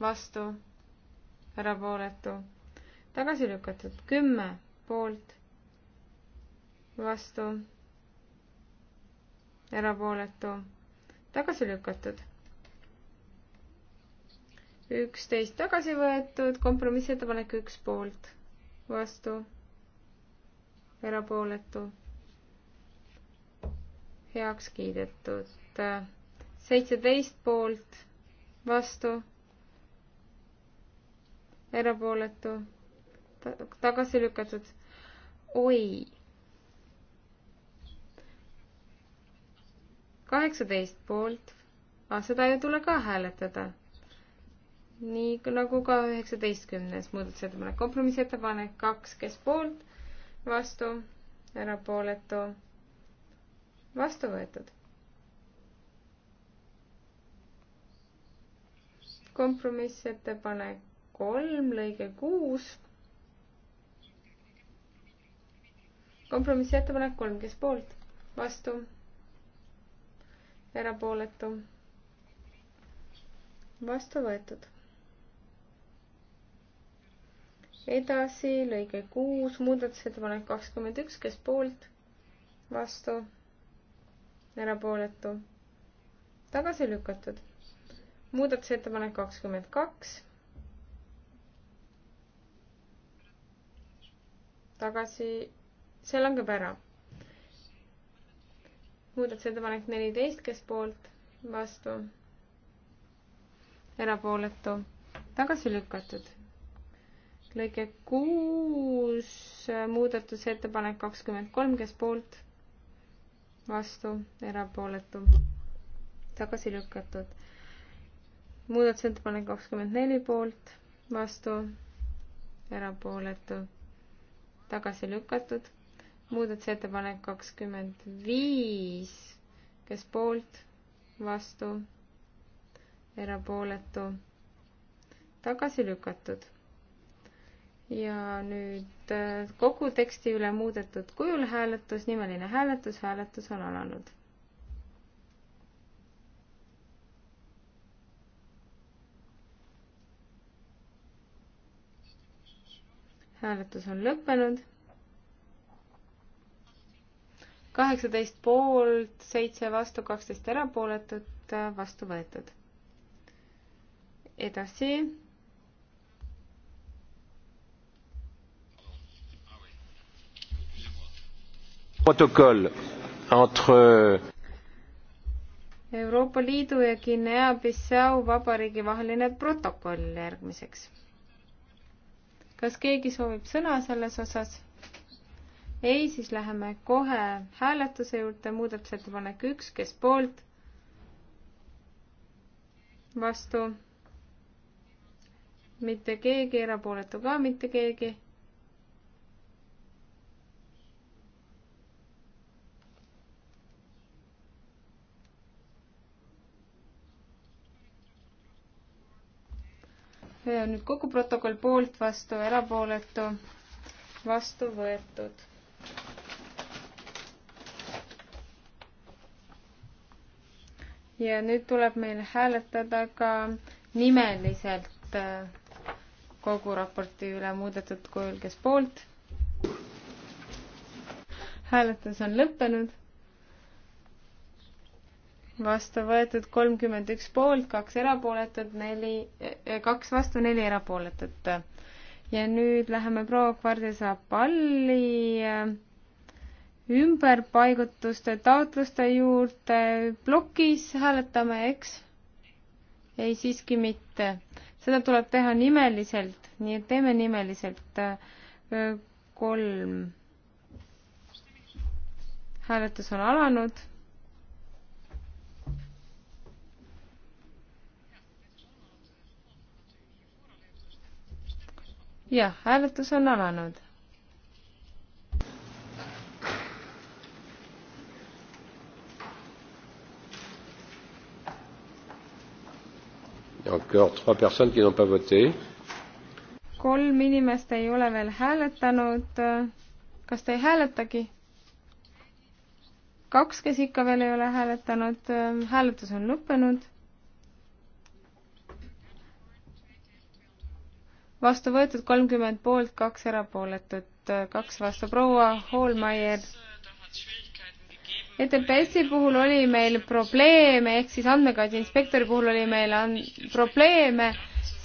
vastu, erapooletu, tagasi lükatud. kümme poolt, vastu, erapooletu, tagasi lükatud üksteist tagasi võetud, kompromissettepanek üks poolt, vastu, erapooletu, heaks kiidetud. seitseteist poolt, vastu, erapooletu, tagasi lükatud. oi. kaheksateist poolt, ah, seda ei tule ka hääletada nii nagu ka üheksateistkümnes muudatusettepanek, kompromissettepanek kaks, kes poolt, vastu, erapooletu, vastu võetud. kompromissettepanek kolm, lõige kuus. kompromissettepanek kolm, kes poolt, vastu, erapooletu, vastu võetud edasi, lõige kuus, muudatusettepanek kakskümmend üks, kes poolt, vastu, erapooletu, tagasi lükatud. muudatusettepanek kakskümmend kaks, tagasi, see langeb ära. muudatusettepanek neliteist, kes poolt, vastu, erapooletu, tagasi lükatud lõige kuus, muudatusettepanek kakskümmend kolm, kes poolt, vastu, erapooletu, tagasi lükatud. muudatusettepanek kakskümmend neli poolt, vastu, erapooletu, tagasi lükatud. muudatusettepanek kakskümmend viis, kes poolt, vastu, erapooletu, tagasi lükatud ja nüüd äh, kogu teksti üle muudetud kujul hääletus, nimeline hääletus, hääletus on alanud. hääletus on lõppenud. kaheksateist poolt, seitse vastu, kaksteist erapooletut, äh, vastu võetud. edasi protokoll entre Euroopa Liidu ja Guinea-Bissau vabariigi vaheline protokoll järgmiseks. kas keegi soovib sõna selles osas? ei, siis läheme kohe hääletuse juurde, muudatusettepanek üks, kes poolt? vastu? mitte keegi, erapooletu ka mitte keegi nüüd kogu protokoll poolt, vastu, erapooletu, vastu võetud. ja nüüd tuleb meil hääletada ka nimeliselt äh, kogu raporti üle muudetud kujul, kes poolt. hääletus on lõppenud vastu võetud kolmkümmend üks poolt, kaks erapooletut, neli, eh, kaks vastu, neli erapooletut. ja nüüd läheme proua Kvardesa palli eh, ümberpaigutuste taotluste juurde. plokis hääletame, eks? ei, siiski mitte. seda tuleb teha nimeliselt, nii et teeme nimeliselt. Eh, kolm. hääletus on alanud jah, hääletus on alanud. kolm inimest ei ole veel hääletanud. kas te ei hääletagi? kaks, kes ikka veel ei ole hääletanud, hääletus on lõppenud vastu võetud kolmkümmend poolt, kaks erapooletut, äh, kaks vastu. proua Hoolmeier. ETPS-i puhul oli meil probleeme, ehk siis andmekaitse inspektori puhul oli meil an-, probleeme,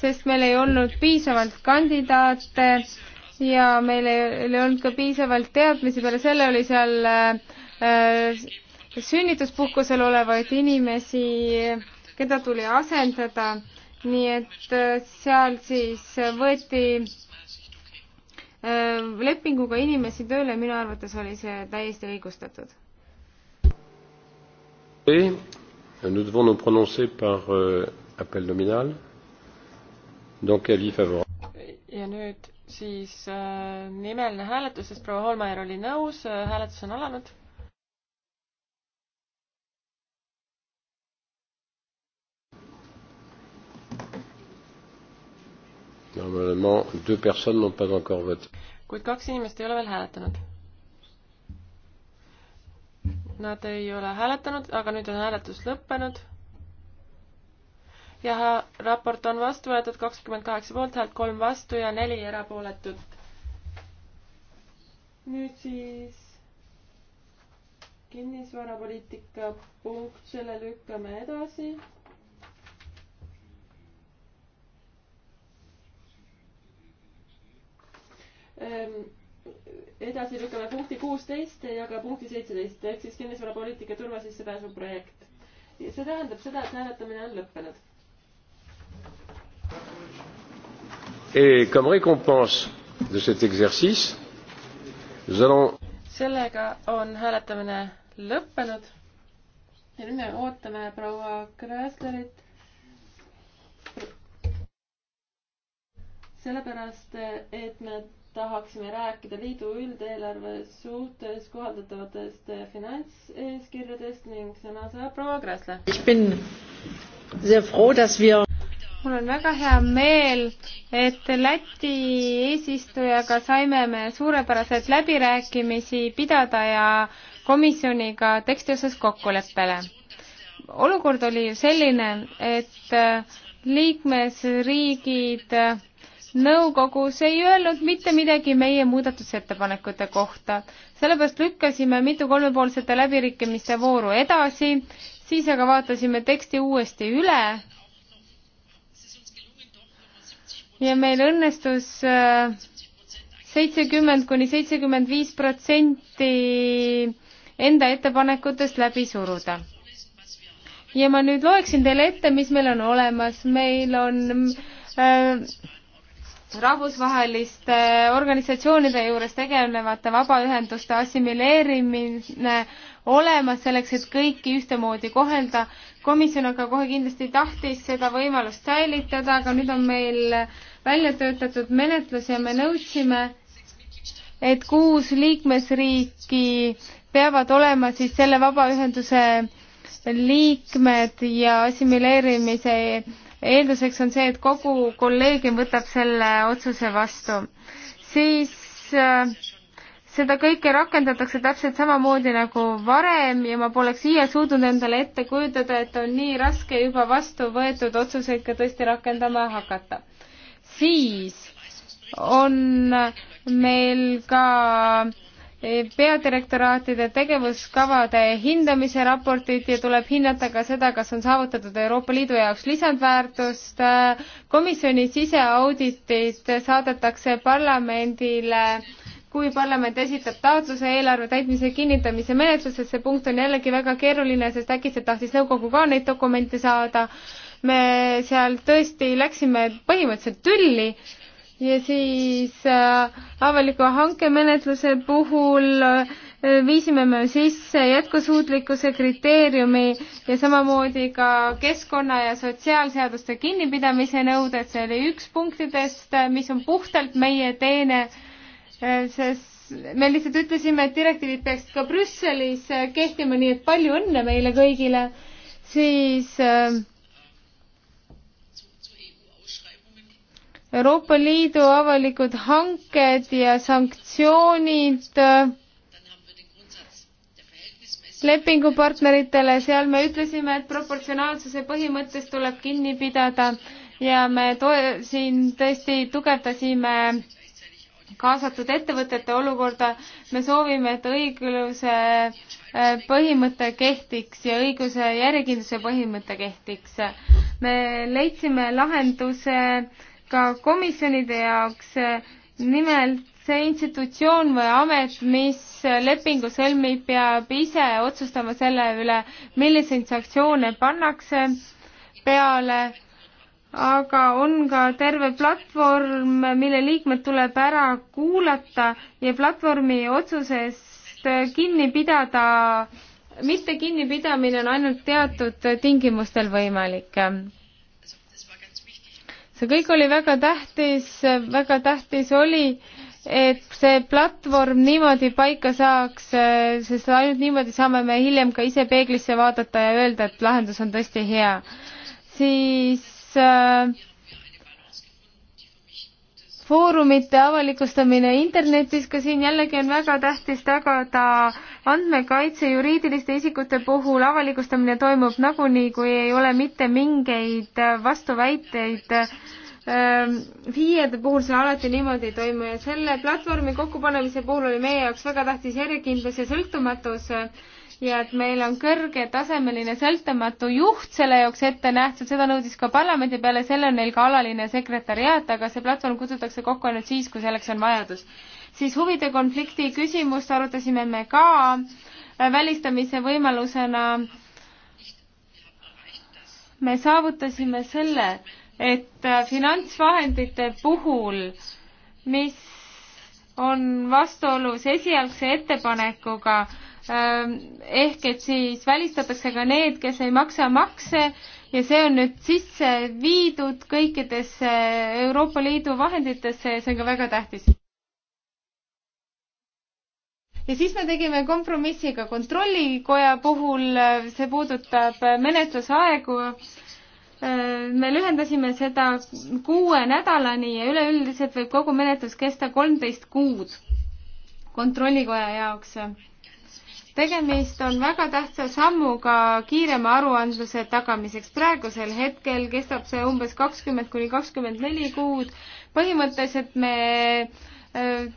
sest meil ei olnud piisavalt kandidaate ja meil ei, ei olnud ka piisavalt teadmisi, peale selle oli seal äh, äh sünnituspuhkusel olevaid inimesi, keda tuli asendada nii et äh, seal siis äh, võeti äh, lepinguga inimesi tööle, minu arvates oli see täiesti õigustatud. Euh, nous devons nous prononcer par euh, appel nominal. Donc avis favorable. ja nüüd siis äh, nimeline hääletus, sest proua Holmaier oli nõus äh,, hääletus on alanud Normalement, deux personnes n'ont pas encore voté. kuid kaks inimest ei ole veel hääletanud. Nad ei ole hääletanud, aga nüüd on hääletus lõppenud. ja raport on vastu võetud kakskümmend kaheksa poolthäält, kolm vastu ja neli erapooletut. nüüd siis kinnisvarapoliitika punkt, selle lükkame edasi Ehm, edasi lükkame punkti kuusteist ja ka punkti seitseteist ehk siis kinnisvarapoliitika turvasissepääsu projekt. see tähendab seda, et hääletamine on lõppenud. Et comme récompense de cet exercice, nous allons sellega on hääletamine lõppenud. ja nüüd me ootame proua Kresslerit. sellepärast, et me tahaksime rääkida liidu üldeelarve suhtes kohaldatavatest eh, finantseeskirjadest ning sõna saab proua Gräsle. mul on väga hea meel, et Läti eesistujaga saime me suurepärased läbirääkimisi pidada ja komisjoniga teksti osas kokkuleppele. olukord oli ju selline, et eh, liikmesriigid nõukogus ei öelnud mitte midagi meie muudatusettepanekute kohta. sellepärast lükkasime mitu kolmepoolsete läbirikkumiste vooru edasi, siis aga vaatasime teksti uuesti üle. ja meil õnnestus äh, seitsekümmend kuni seitsekümmend viis protsenti enda ettepanekutest läbi suruda ja ma nüüd loeksin teile ette, mis meil on olemas. meil on äh, rahvusvaheliste organisatsioonide juures tegelevate vabaühenduste assimileerimine olemas selleks, et kõiki ühtemoodi kohelda. komisjon aga kohe kindlasti tahtis seda võimalust säilitada, aga nüüd on meil välja töötatud menetlus ja me nõudsime, et kuus liikmesriiki peavad olema siis selle vabaühenduse liikmed ja assimileerimise eelduseks on see, et kogu kolleegium võtab selle otsuse vastu. siis äh, seda kõike rakendatakse täpselt samamoodi nagu varem ja ma poleks iial suutnud endale ette kujutada, et on nii raske juba vastu võetud otsuseid ka tõesti rakendama hakata. siis on meil ka peadirektoraatide tegevuskavade hindamise raportit ja tuleb hinnata ka seda, kas on saavutatud Euroopa Liidu jaoks lisandväärtust. komisjoni siseauditid saadetakse parlamendile kui parlament esitab taotluse eelarve täitmise kinnitamise menetluses, see punkt on jällegi väga keeruline, sest äkitselt tahtis nõukogu ka neid dokumente saada. me seal tõesti läksime põhimõtteliselt tülli ja siis äh, avaliku hankemenetluse puhul äh, viisime me sisse jätkusuutlikkuse kriteeriumi ja samamoodi ka keskkonna ja sotsiaalseaduste kinnipidamise nõuded, see oli üks punktidest, äh, mis on puhtalt meie teene, sest me lihtsalt ütlesime, et direktiivid peaksid ka Brüsselis kehtima, nii et palju õnne meile kõigile, siis äh, Euroopa Liidu avalikud hanked ja sanktsioonid äh, lepingupartneritele, seal me ütlesime, et proportsionaalsuse põhimõttest tuleb kinni pidada ja me to-, siin tõesti tugevdasime kaasatud ettevõtete olukorda, me soovime, et õigluse äh, põhimõte kehtiks ja õiguse järjekindluse põhimõte kehtiks. me leidsime lahenduse äh, ka komisjonide jaoks, nimelt see institutsioon või amet, mis lepingu sõlmib, peab ise otsustama selle üle, milliseid sanktsioone pannakse peale, aga on ka terve platvorm, mille liikmed tuleb ära kuulata ja platvormi otsusest kinni pidada, mitte kinnipidamine on ainult teatud tingimustel võimalik see kõik oli väga tähtis, väga tähtis oli, et see platvorm niimoodi paika saaks, sest ainult niimoodi saame me hiljem ka ise peeglisse vaadata ja öelda, et lahendus on tõesti hea. siis äh, foorumite avalikustamine internetis, ka siin jällegi on väga tähtis tagada ta andmekaitse juriidiliste isikute puhul avalikustamine toimub nagunii, kui ei ole mitte mingeid vastuväiteid. Ehm, FIE-de puhul see alati niimoodi ei toimu ja selle platvormi kokkupanemise puhul oli meie jaoks väga tähtis järjekindlus ja sõltumatus ja et meil on kõrgetasemeline sõltumatu juht selle jaoks ette nähtud, seda nõudis ka parlamendi peale, selle on neil ka alaline sekretäriaat, aga see platvorm kutsutakse kokku ainult siis, kui selleks on vajadus siis huvide konflikti küsimust arutasime me ka äh, välistamise võimalusena. me saavutasime selle, et äh, finantsvahendite puhul, mis on vastuolus esialgse ettepanekuga, ähm, ehk et siis välistatakse ka need, kes ei maksa makse ja see on nüüd sisse viidud kõikidesse Euroopa Liidu vahenditesse ja see on ka väga tähtis ja siis me tegime kompromissi ka kontrollikoja puhul, see puudutab menetlusaegu. me lühendasime seda kuue nädalani ja üleüldiselt võib kogu menetlus kesta kolmteist kuud kontrollikoja jaoks tegemist on väga tähtsa sammuga kiirema aruandluse tagamiseks. praegusel hetkel kestab see umbes kakskümmend kuni kakskümmend neli kuud. põhimõtteliselt me äh,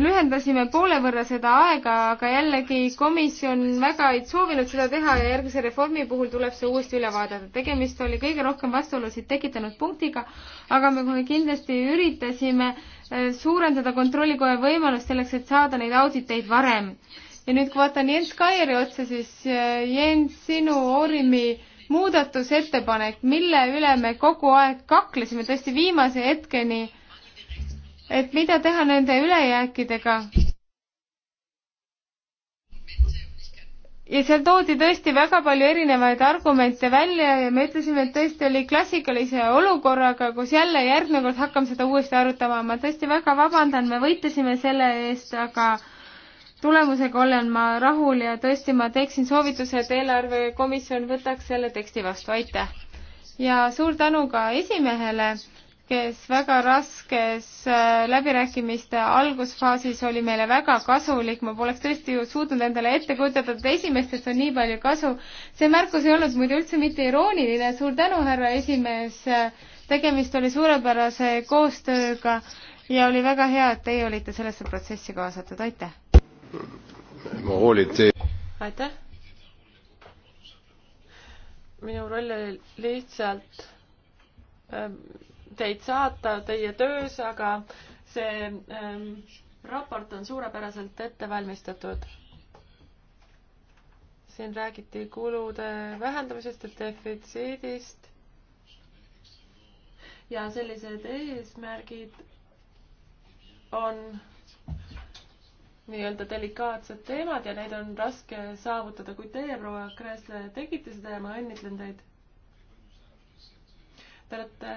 lühendasime poole võrra seda aega, aga jällegi komisjon väga ei soovinud seda teha ja järgmise reformi puhul tuleb see uuesti üle vaadata. tegemist oli kõige rohkem vastuolusid tekitanud punktiga, aga me kindlasti üritasime äh, suurendada kontrollikoja võimalust selleks, et saada neid auditeid varem. ja nüüd, kui vaatan Jens Kairi otsa, siis äh, Jens, sinu Orimi muudatusettepanek, mille üle me kogu aeg kaklesime tõesti viimase hetkeni et mida teha nende ülejääkidega. ja seal toodi tõesti väga palju erinevaid argumente välja ja me ütlesime, et tõesti oli klassikalise olukorraga, kus jälle järgmine kord hakkame seda uuesti arutama. ma tõesti väga vabandan, me võitlesime selle eest, aga tulemusega olen ma rahul ja tõesti, ma teeksin soovituse, et eelarvekomisjon võtaks selle teksti vastu, aitäh! ja suur tänu ka esimehele kes väga raskes äh, läbirääkimiste algusfaasis oli meile väga kasulik, ma poleks tõesti ju suutnud endale ette kujutada, et esimestest on nii palju kasu. see märkus ei olnud muide üldse mitte irooniline, suur tänu, härra esimees, tegemist oli suurepärase koostööga ja oli väga hea, et teie olite sellesse protsessi kaasatud, aitäh! ma hoolin teie aitäh! minu roll oli lihtsalt ähm, teid saata teie töös, aga see ähm, raport on suurepäraselt ette valmistatud. siin räägiti kulude vähendamisest ja defitsiidist. ja sellised eesmärgid on nii-öelda delikaatsed teemad ja neid on raske saavutada, kuid teie, proua Kressle, tegite seda ja ma õnnitlen teid. Te olete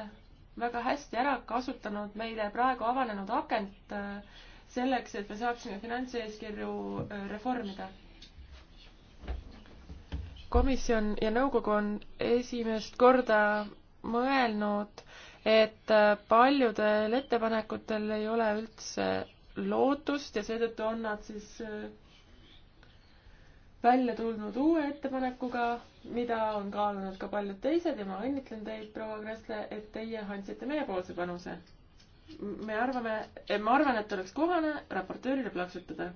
väga hästi ära kasutanud meile praegu avanenud akent äh, selleks, et me saaksime finantseeskirju äh, reformida. komisjon ja nõukogu on esimest korda mõelnud, et äh, paljudel ettepanekutel ei ole üldse lootust ja seetõttu on nad siis välja tulnud uue ettepanekuga, mida on kaalunud ka paljud teised ja ma õnnitlen teid, proua Kressle, et teie andsite meiepoolse panuse. me arvame, eh, ma arvan, et oleks kohane raportöörile plaksutada.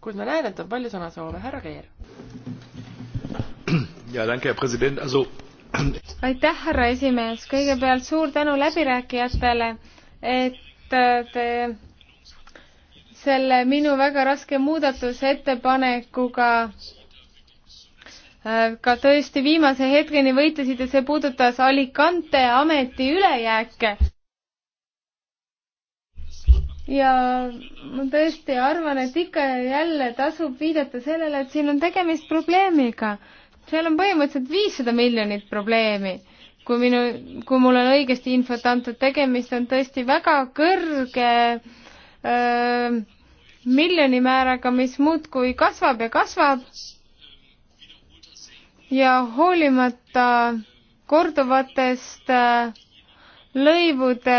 kuid ma näen, et on palju sõnasoove, härra Keer. ja tänke, president, asu. aitäh, härra esimees, kõigepealt suur tänu läbirääkijatele, et äh, te selle minu väga raske muudatusettepanekuga äh, ka tõesti viimase hetkeni võitlesid ja see puudutas Alicante ameti ülejääke. ja ma tõesti arvan, et ikka ja jälle tasub viidata sellele, et siin on tegemist probleemiga. seal on põhimõtteliselt viissada miljonit probleemi kui minu, kui mul on õigesti infot antud, tegemist on tõesti väga kõrge äh, miljoni määraga, mis muudkui kasvab ja kasvab. ja hoolimata korduvatest lõivude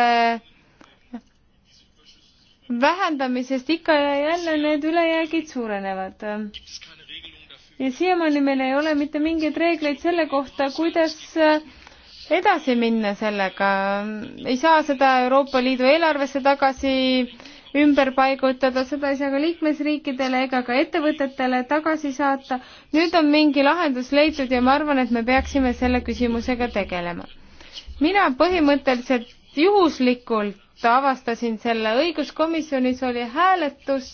vähendamisest ikka ja jälle need ülejäägid suurenevad. ja siiamaani meil ei ole mitte mingeid reegleid selle kohta, kuidas edasi minna sellega. ei saa seda Euroopa Liidu eelarvesse tagasi ümber paigutada, seda ei saa ka liikmesriikidele ega ka ettevõtetele tagasi saata. nüüd on mingi lahendus leitud ja ma arvan, et me peaksime selle küsimusega tegelema. mina põhimõtteliselt juhuslikult avastasin selle, õiguskomisjonis oli hääletus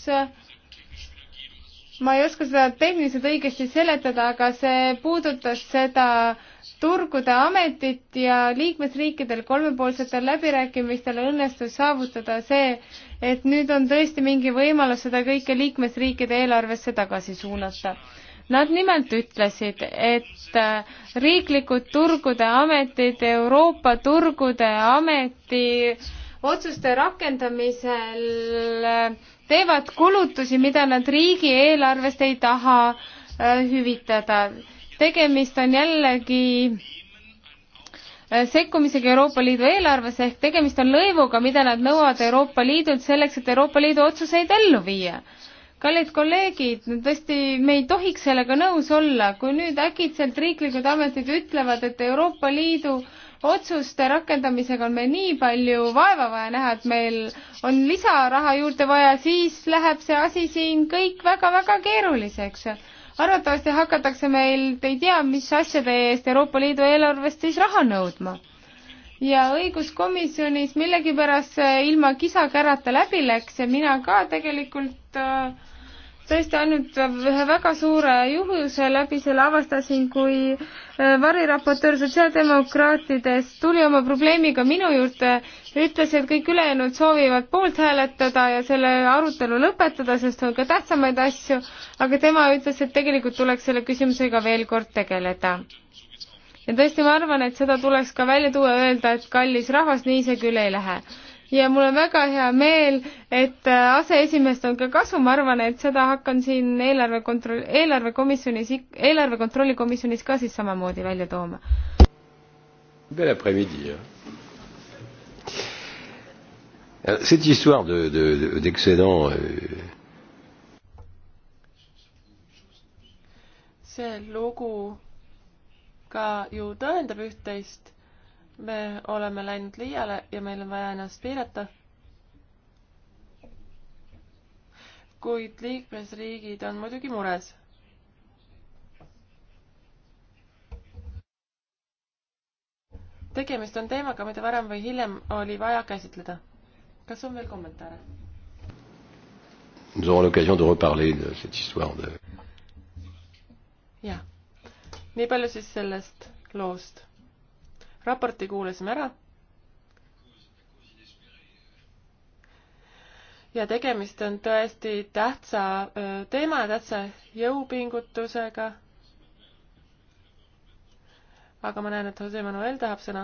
ma ei oska seda tehniliselt õigesti seletada, aga see puudutas seda turgude ametit ja liikmesriikidel kolmepoolsetel läbirääkimistel õnnestus saavutada see, et nüüd on tõesti mingi võimalus seda kõike liikmesriikide eelarvesse tagasi suunata. Nad nimelt ütlesid, et äh, riiklikud turgude ametid, Euroopa turgude ameti otsuste rakendamisel äh, teevad kulutusi, mida nad riigieelarvest ei taha äh, hüvitada tegemist on jällegi äh, sekkumisega Euroopa Liidu eelarvesse ehk tegemist on lõivuga, mida nad nõuavad Euroopa Liidult selleks, et Euroopa Liidu otsuseid ellu viia. kallid kolleegid, tõesti, me ei tohiks sellega nõus olla, kui nüüd äkitselt riiklikud ametid ütlevad, et Euroopa Liidu otsuste rakendamisega on meil nii palju vaeva vaja näha, et meil on lisaraha juurde vaja, siis läheb see asi siin kõik väga-väga keeruliseks arvatavasti hakatakse meilt ei tea mis asjade eest Euroopa Liidu eelarvest siis raha nõudma. ja õiguskomisjonis millegipärast see ilma kisakärata läbi läks ja mina ka tegelikult äh, tõesti ainult ühe väga suure juhuse läbi selle avastasin, kui äh, variraportöör sotsiaaldemokraatidest tuli oma probleemiga minu juurde, ütles, et kõik ülejäänud soovivad poolt hääletada ja selle arutelu lõpetada, sest on ka tähtsamaid asju, aga tema ütles, et tegelikult tuleks selle küsimusega veel kord tegeleda. ja tõesti, ma arvan, et seda tuleks ka välja tuua, öelda, et kallis rahvas, nii see küll ei lähe ja mul on väga hea meel, et äh, aseesimeest on ka kasu, ma arvan, et seda hakkan siin eelarve kontroll, eelarvekomisjonis, eelarve kontrolli komisjonis ka siis samamoodi välja tooma. Cette histoire de, de, d'excédent euh... see lugu ka ju tõendab üht-teist me oleme läinud liiale ja meil on vaja ennast piirata. kuid liikmesriigid on muidugi mures. tegemist on teemaga, mida varem või hiljem oli vaja käsitleda. kas on veel kommentaare? Nous aurons l'occasion de reparler de cette histoire de. jah, nii palju siis sellest loost raporti kuulasime ära. ja tegemist on tõesti tähtsa teema ja tähtsa jõupingutusega. aga ma näen, et Jose Manuel tahab sõna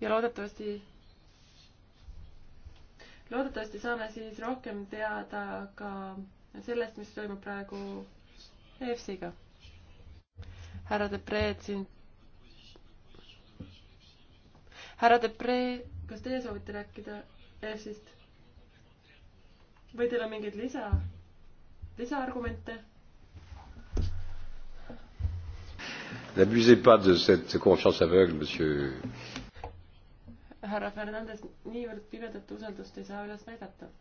ja loodetavasti, loodetavasti saame siis rohkem teada ka sellest, mis toimub praegu EFSiga. härra Depreed siin. härra Depreed, kas teie soovite rääkida EFSist? või teil on mingeid lisa, lisaargumente? N'abusez pas de cette confiance aveugle, monsieur. härra Fernandes, niivõrd pimedat usaldust ei saa üles näidata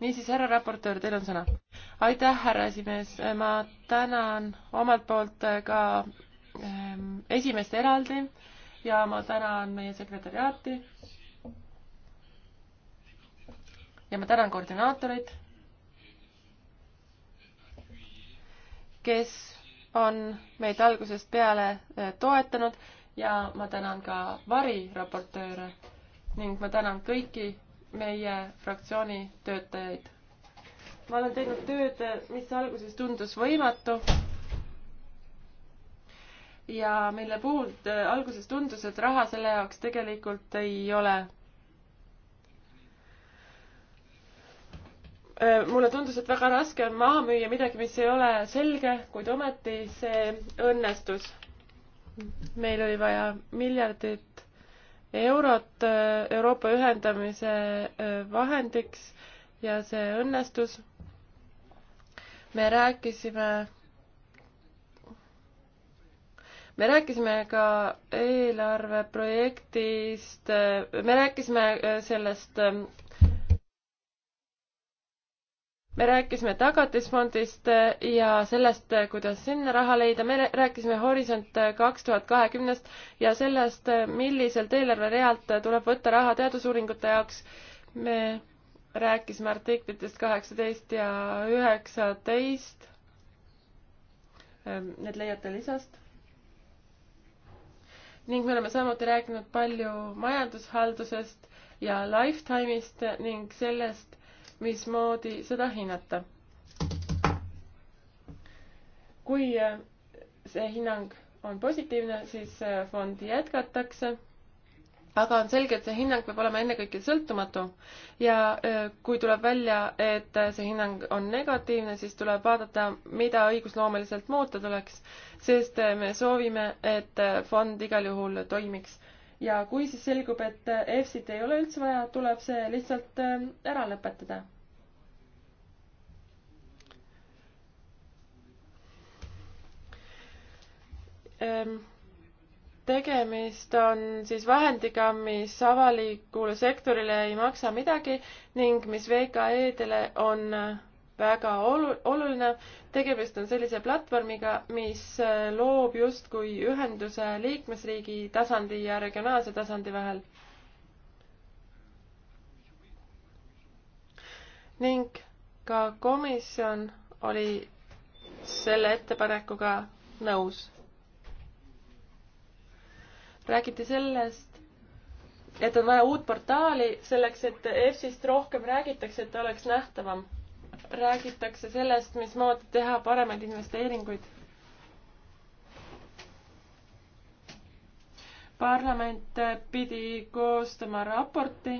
niisiis, härra raportöör, teil on sõna. aitäh, härra esimees, ma tänan omalt poolt ka ähm, esimest eraldi ja ma tänan meie sekretäriaati. ja ma tänan koordinaatoreid, kes on meid algusest peale äh, toetanud ja ma tänan ka variraportööre ning ma tänan kõiki meie fraktsiooni töötajaid. ma olen teinud tööd, mis alguses tundus võimatu ja mille puhul äh, alguses tundus, et raha selle jaoks tegelikult ei ole. Äh, mulle tundus, et väga raske on maha müüa midagi, mis ei ole selge, kuid ometi see õnnestus. meil oli vaja miljardit eurot äh, Euroopa ühendamise äh, vahendiks ja see õnnestus. me rääkisime, me rääkisime ka eelarveprojektist, äh, me rääkisime sellest ähm, me rääkisime Tagatisfondist äh, ja sellest, äh, kuidas sinna raha leida, me rääkisime Horisont äh, kaks tuhat kahekümnest ja sellest, milliselt eelarverealt tuleb võtta raha teadusuuringute jaoks. me rääkisime artiklitest kaheksateist ja üheksateist. Ähm, need leiate lisast. ning me oleme samuti rääkinud palju majandushaldusest ja lifetime'ist ning sellest mismoodi seda hinnata. kui äh, see hinnang on positiivne, siis äh, fondi jätkatakse aga on selge, et see hinnang peab olema ennekõike sõltumatu ja äh, kui tuleb välja, et see hinnang on negatiivne, siis tuleb vaadata, mida õigusloomeliselt muuta tuleks, sest me soovime, et fond igal juhul toimiks ja kui siis selgub, et äh, EFSit ei ole üldse vaja, tuleb see lihtsalt äh, ära lõpetada. Ähm, tegemist on siis vahendiga, mis avalikule sektorile ei maksa midagi ning mis VKE-dele on äh, väga olu-, oluline. tegemist on sellise platvormiga, mis äh, loob justkui ühenduse liikmesriigi tasandi ja regionaalse tasandi vahel. ning ka komisjon oli selle ettepanekuga nõus. räägiti sellest, et on vaja uut portaali selleks, et EFSist rohkem räägitakse, et ta oleks nähtavam räägitakse sellest, mismoodi teha paremaid investeeringuid. parlament pidi koostama raporti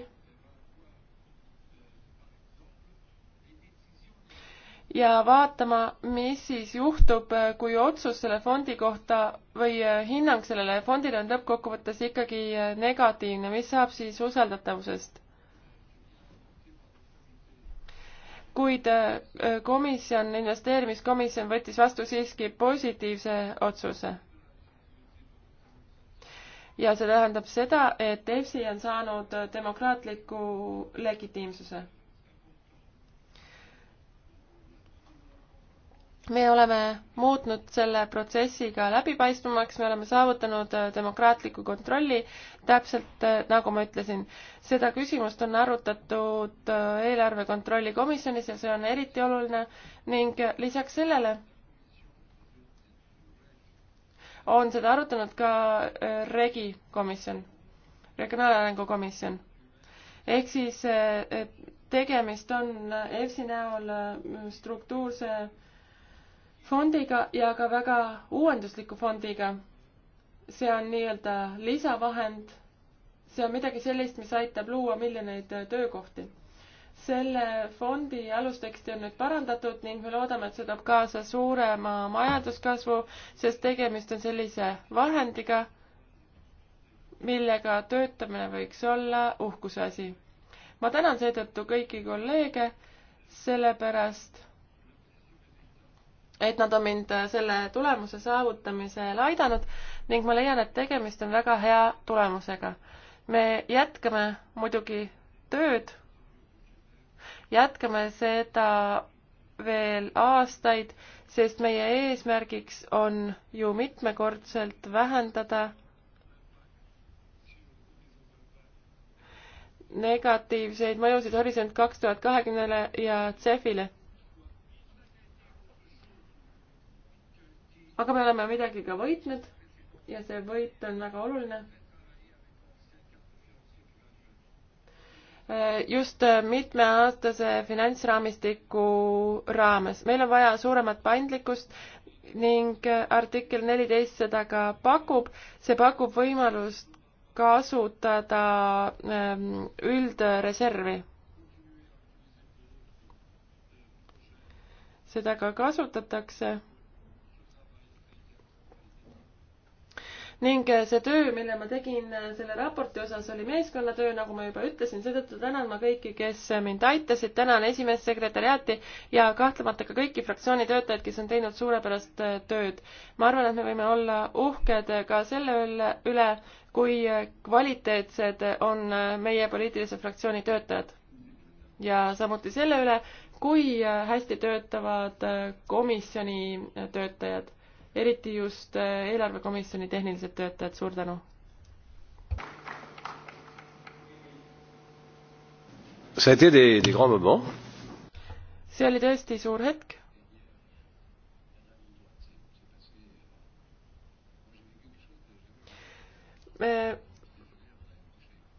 ja vaatama, mis siis juhtub, kui otsus selle fondi kohta või hinnang sellele fondile on lõppkokkuvõttes ikkagi negatiivne, mis saab siis usaldatavusest? kuid äh, komisjon, investeerimiskomisjon võttis vastu siiski positiivse otsuse. ja see tähendab seda, et EFSI on saanud demokraatliku legitiimsuse me oleme muutnud selle protsessi ka läbipaistvamaks, me oleme saavutanud äh, demokraatliku kontrolli, täpselt äh, nagu ma ütlesin. seda küsimust on arutatud äh, eelarve kontrolli komisjonis ja see on eriti oluline ning lisaks sellele on seda arutanud ka Regi komisjon, Regionaalarengu komisjon. ehk siis tegemist on EFSi näol struktuurse fondiga ja ka väga uuendusliku fondiga. see on nii-öelda lisavahend, see on midagi sellist, mis aitab luua miljoneid töökohti. selle fondi alusteksti on nüüd parandatud ning me loodame, et see toob kaasa suurema majanduskasvu, sest tegemist on sellise vahendiga, millega töötamine võiks olla uhkuse asi. ma tänan seetõttu kõiki kolleege, sellepärast et nad on mind äh, selle tulemuse saavutamisel aidanud ning ma leian, et tegemist on väga hea tulemusega. me jätkame muidugi tööd, jätkame seda veel aastaid, sest meie eesmärgiks on ju mitmekordselt vähendada negatiivseid mõjusid Horisont kaks tuhat kahekümnele ja CEF-ile aga me oleme midagi ka võitnud ja see võit on väga oluline. just mitmeaastase finantsraamistiku raames. meil on vaja suuremat paindlikkust ning artikkel neliteist seda ka pakub. see pakub võimalust kasutada ähm, üldreservi. seda ka kasutatakse ning eh, see töö, mille ma tegin eh, selle raporti osas, oli meeskonnatöö, nagu ma juba ütlesin, seetõttu tänan ma kõiki, kes mind aitasid, tänan esimest sekretäriaati ja kahtlemata ka kõiki fraktsiooni töötajaid, kes on teinud suurepärast eh, tööd. ma arvan, et me võime olla uhked ka selle üle, kui kvaliteetsed on meie poliitilise fraktsiooni töötajad. ja samuti selle üle, kui hästi töötavad komisjoni töötajad eriti just äh, eelarvekomisjoni tehnilised töötajad, suur tänu! see oli tõesti suur hetk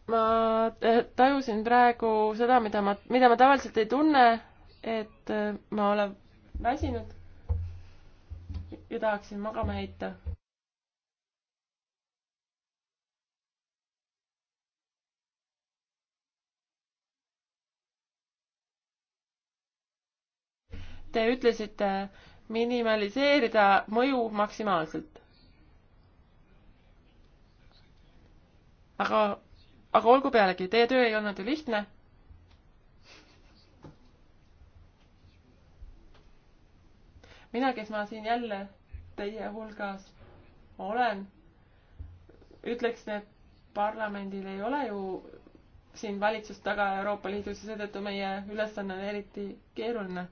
ma äh, tajusin praegu seda, mida ma, mida ma tavaliselt ei tunne, et äh, ma olen väsinud ja tahaksin magama heita. Te ütlesite minimaliseerida mõju maksimaalselt. aga, aga olgu pealegi, teie töö ei olnud ju lihtne mina, kes ma siin jälle teie hulgas olen, ütleksin, et parlamendil ei ole ju siin valitsust taga Euroopa Liidus ja seetõttu meie ülesanne on eriti keeruline.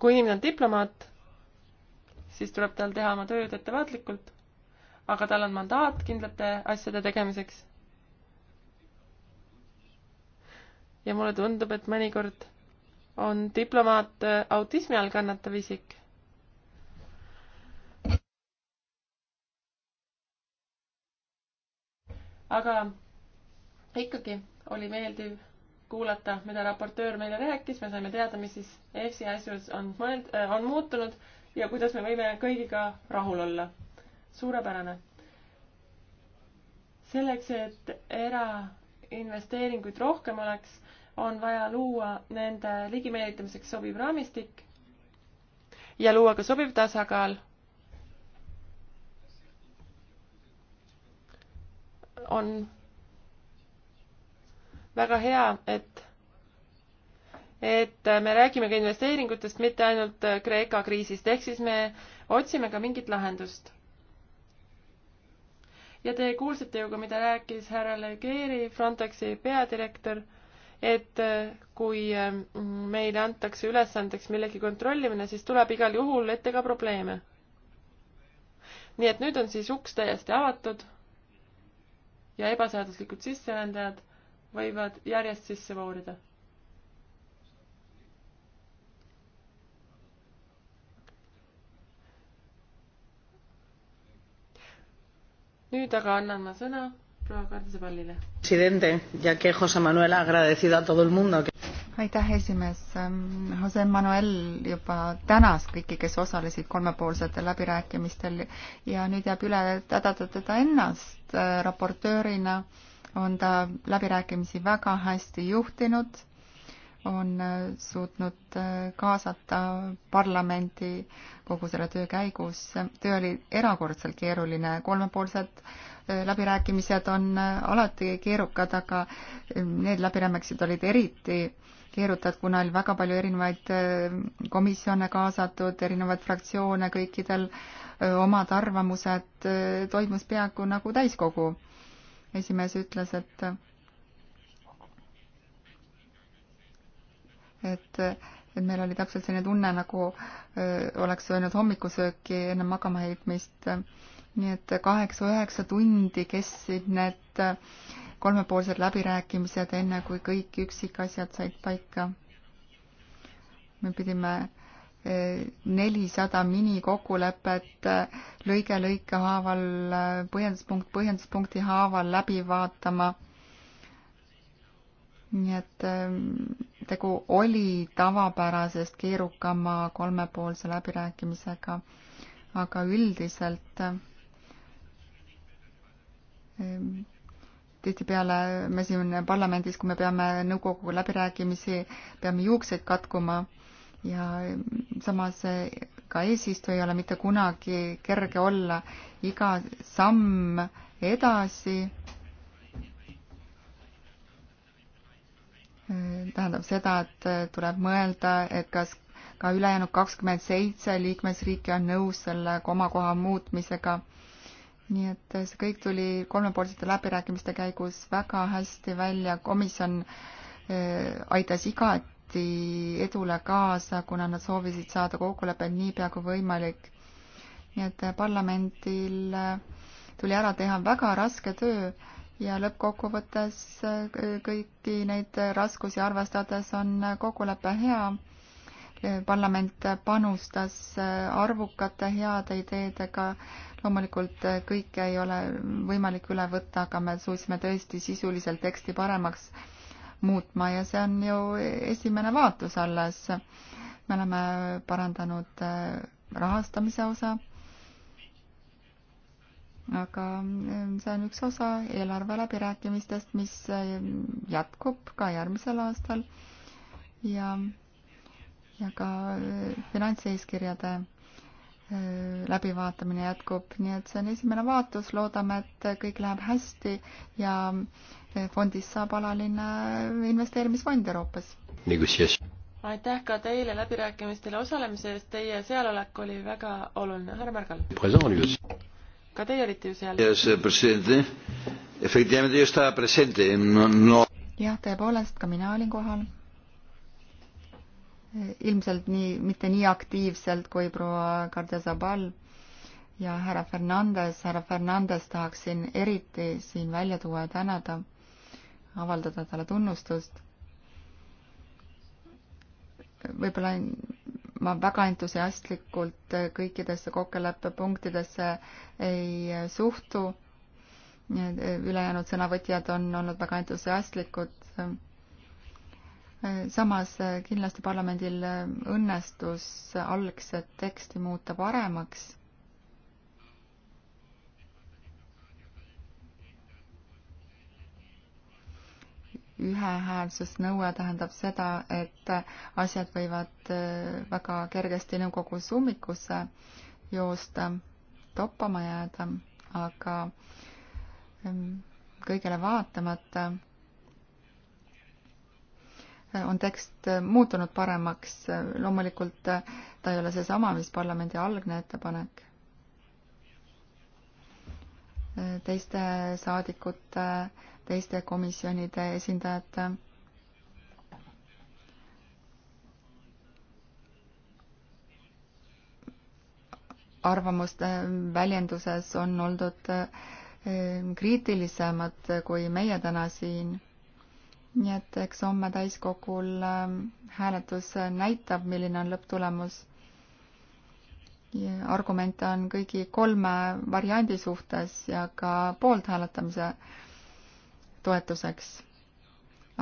kui inimene on diplomaat, siis tuleb tal teha oma tööd ettevaatlikult, aga tal on mandaat kindlate asjade tegemiseks. ja mulle tundub, et mõnikord on diplomaat äh, autismi all kannatav isik aga ikkagi oli meeldiv kuulata, mida raportöör meile rääkis, me saime teada, mis siis EFSi asjus on mõeld-, äh, on muutunud ja kuidas me võime kõigiga rahul olla. suurepärane. selleks, et erainvesteeringuid rohkem oleks, on vaja luua nende ligimeelitamiseks sobiv raamistik ja luua ka sobiv tasakaal. on väga hea, et, et me räägime ka investeeringutest, mitte ainult Kreeka kriisist, ehk siis me otsime ka mingit lahendust ja te kuulsite ju ka, mida rääkis härra Legeri, Frontexi peadirektor et äh, kui äh, meile antakse ülesandeks millegi kontrollimine, siis tuleb igal juhul ette ka probleeme. nii et nüüd on siis uks täiesti avatud ja ebaseaduslikud sisserändajad võivad järjest sisse voorida. nüüd aga annan ma sõna proua Kardsevallile. aitäh, esimees. Ähm, Jose Manuel juba tänas kõiki, kes osalesid kolmepoolsetel läbirääkimistel ja nüüd jääb üle tädada teda ennast äh, raportöörina on ta läbirääkimisi väga hästi juhtinud on äh, suutnud äh, kaasata parlamendi kogu selle töö käigus. töö oli erakordselt keeruline, kolmepoolsed äh, läbirääkimised on alati keerukad, aga need läbirääkimised olid eriti keerutad, kuna oli väga palju erinevaid komisjone kaasatud, erinevaid fraktsioone, kõikidel omad arvamused, toimus peaaegu nagu täiskogu. esimees ütles, et et, et meil oli täpselt selline tunne, nagu öö, oleks söönud hommikusööki enne magama heitmist. nii et kaheksa-üheksa tundi kestsid need kolmepoolsed läbirääkimised, enne kui kõik üksikasjad said paika. me pidime nelisada minikokkulepet lõige lõike haaval, põhjenduspunkt põhjenduspunkti haaval läbi vaatama nii et ähm, tegu oli tavapärasest keerukama kolmepoolse läbirääkimisega, aga üldiselt ähm, tihtipeale me siin parlamendis, kui me peame nõukoguga läbirääkimisi, peame juukseid katkuma ja ähm, samas äh, ka eesistuja ei ole mitte kunagi kerge olla, iga samm edasi tähendab seda, et äh, tuleb mõelda, et kas ka ülejäänud kakskümmend seitse liikmesriiki on nõus selle komakoha muutmisega. nii et äh, see kõik tuli kolmepoolsete läbirääkimiste käigus väga hästi välja, komisjon äh, aitas igati edule kaasa, kuna nad soovisid saada kokkulepet niipea kui võimalik. nii et parlamendil tuli ära teha väga raske töö ja lõppkokkuvõttes äh, kõiki neid raskusi arvestades on kokkulepe hea. parlament panustas äh, arvukate heade ideedega. loomulikult äh, kõike ei ole võimalik üle võtta, aga me suutsime tõesti sisuliselt teksti paremaks muutma ja see on ju esimene vaatus alles. me oleme parandanud rahastamise osa aga ähm, see on üks osa eelarve läbirääkimistest, mis ähm, jätkub ka järgmisel aastal ja, ja ka äh, finantseeskirjade äh, läbivaatamine jätkub, nii et see on esimene vaatus, loodame, et kõik läheb hästi ja äh, fondist saab alaline investeerimisfond Euroopas. aitäh ka teile läbirääkimistel osalemise eest, teie sealolek oli väga oluline, härra Märgal ka teie olite ju seal. Eh, jah, tõepoolest, ka mina olin kohal. Eh, ilmselt nii, mitte nii aktiivselt kui proua Kardesabal ja härra Fernandes, härra Fernandes tahaksin eriti siin välja tuua ja tänada, avaldada talle tunnustust. võib-olla ma väga entusiastlikult kõikidesse kokkuleppepunktidesse ei suhtu. ülejäänud sõnavõtjad on olnud väga entusiastlikud. samas kindlasti parlamendil õnnestus algset teksti muuta paremaks ühehäälsusnõue tähendab seda, et asjad võivad äh, väga kergesti nõukogus ummikusse joosta, toppama jääda, aga ähm, kõigele vaatamata äh, on tekst äh, muutunud paremaks. loomulikult ta ei ole seesama, mis parlamendi algne ettepanek. teiste saadikute teiste komisjonide esindajate arvamuste väljenduses on oldud eh, kriitilisemad kui meie täna siin. nii et eks homme täiskogul eh, hääletus näitab, milline on lõpptulemus. argumente on kõigi kolme variandi suhtes ja ka poolt hääletamise toetuseks.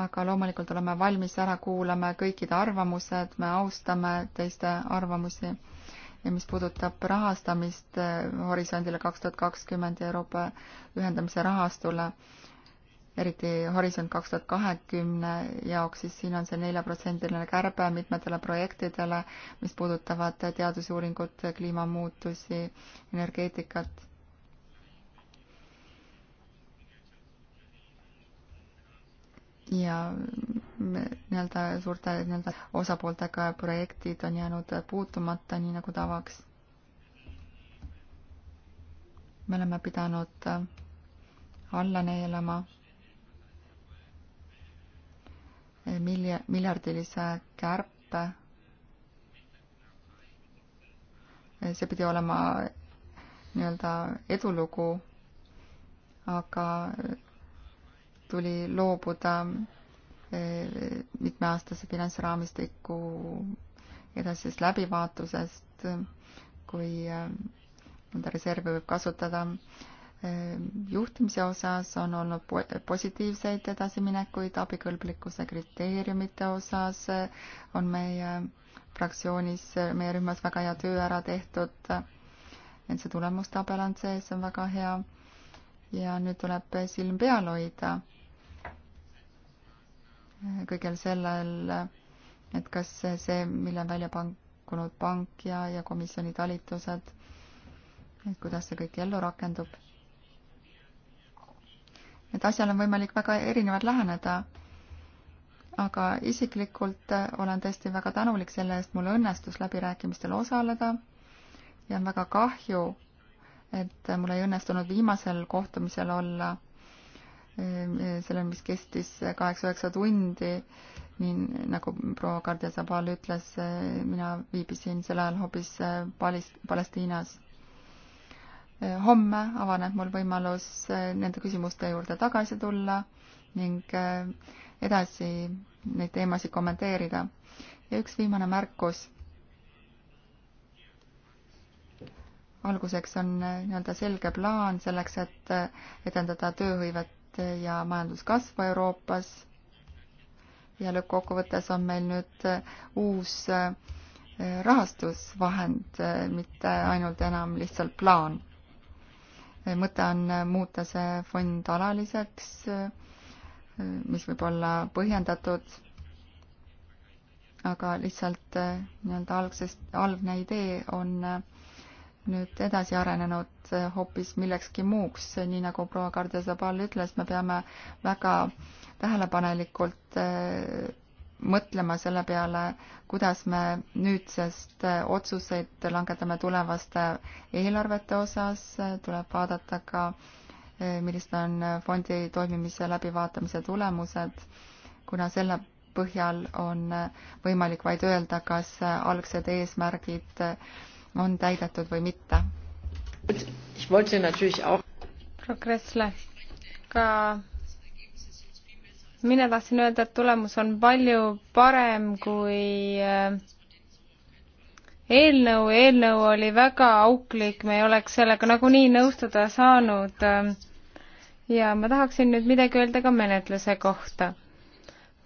aga loomulikult oleme valmis ära kuulama kõikide arvamused, me austame teiste arvamusi ja mis puudutab rahastamist eh, Horisondile kaks tuhat kakskümmend ja Euroopa ühendamise rahastule, eriti Horisont kaks tuhat kahekümne jaoks, siis siin on see neljaprotsendiline kärbe mitmetele projektidele, mis puudutavad teadusuuringut, kliimamuutusi, energeetikat ja nii-öelda suurte nii-öelda osapooltega projektid on jäänud puutumata, nii nagu tavaks. me oleme pidanud alla neelama milja-, miljardilise kärpe. see pidi olema nii-öelda edulugu, aga tuli loobuda eh, mitmeaastase finantsraamistiku edasisest läbivaatusest, kui eh, nende reserve võib kasutada. Eh, juhtimise osas on olnud positiivseid edasiminekuid, abikõlblikkuse kriteeriumite osas on meie fraktsioonis, meie rühmas väga hea töö ära tehtud. et see tulemustabel on sees, see on väga hea. ja nüüd tuleb silm peal hoida kõigel sellel, et kas see, mille on välja pakkunud pank ja, ja komisjoni talitused, et kuidas see kõik ellu rakendub. et asjal on võimalik väga erinevalt läheneda, aga isiklikult olen tõesti väga tänulik selle eest, mul õnnestus läbirääkimistel osaleda ja on väga kahju, et mul ei õnnestunud viimasel kohtumisel olla Ehm, eh, selle, mis kestis eh, kaheksa-üheksa tundi, nii nagu proua Kardia Zabal ütles, eh, mina viibisin sel ajal hoopis Palis-, Palestiinas. homme avaneb mul võimalus nende küsimuste juurde tagasi tulla ning edasi neid teemasid kommenteerida. ja üks viimane märkus. alguseks on nii-öelda selge plaan selleks, et edendada tööhõivet ja majanduskasvu Euroopas. ja lõppkokkuvõttes on meil nüüd uus äh, rahastusvahend, äh, mitte ainult enam lihtsalt plaan. Äh, mõte on muuta see fond alaliseks, mis võib olla põhjendatud, aga lihtsalt nii-öelda algsest, algne idee on äh, nüüd edasi arenenud eh, hoopis millekski muuks, nii nagu proua Kardia Zabal ütles, me peame väga tähelepanelikult eh, mõtlema selle peale, kuidas me nüüdsest eh, otsuseid langetame tulevaste eelarvete osas, tuleb vaadata ka, millised on fondi toimimise läbivaatamise tulemused, kuna selle põhjal on võimalik vaid öelda, kas algsed eesmärgid äh, on täidetud või mitte. proua Kressle, ka mina tahtsin öelda, et tulemus on palju parem kui äh, eelnõu, eelnõu oli väga auklik, me ei oleks sellega nagunii nõustuda saanud. Äh, ja ma tahaksin nüüd midagi öelda ka menetluse kohta.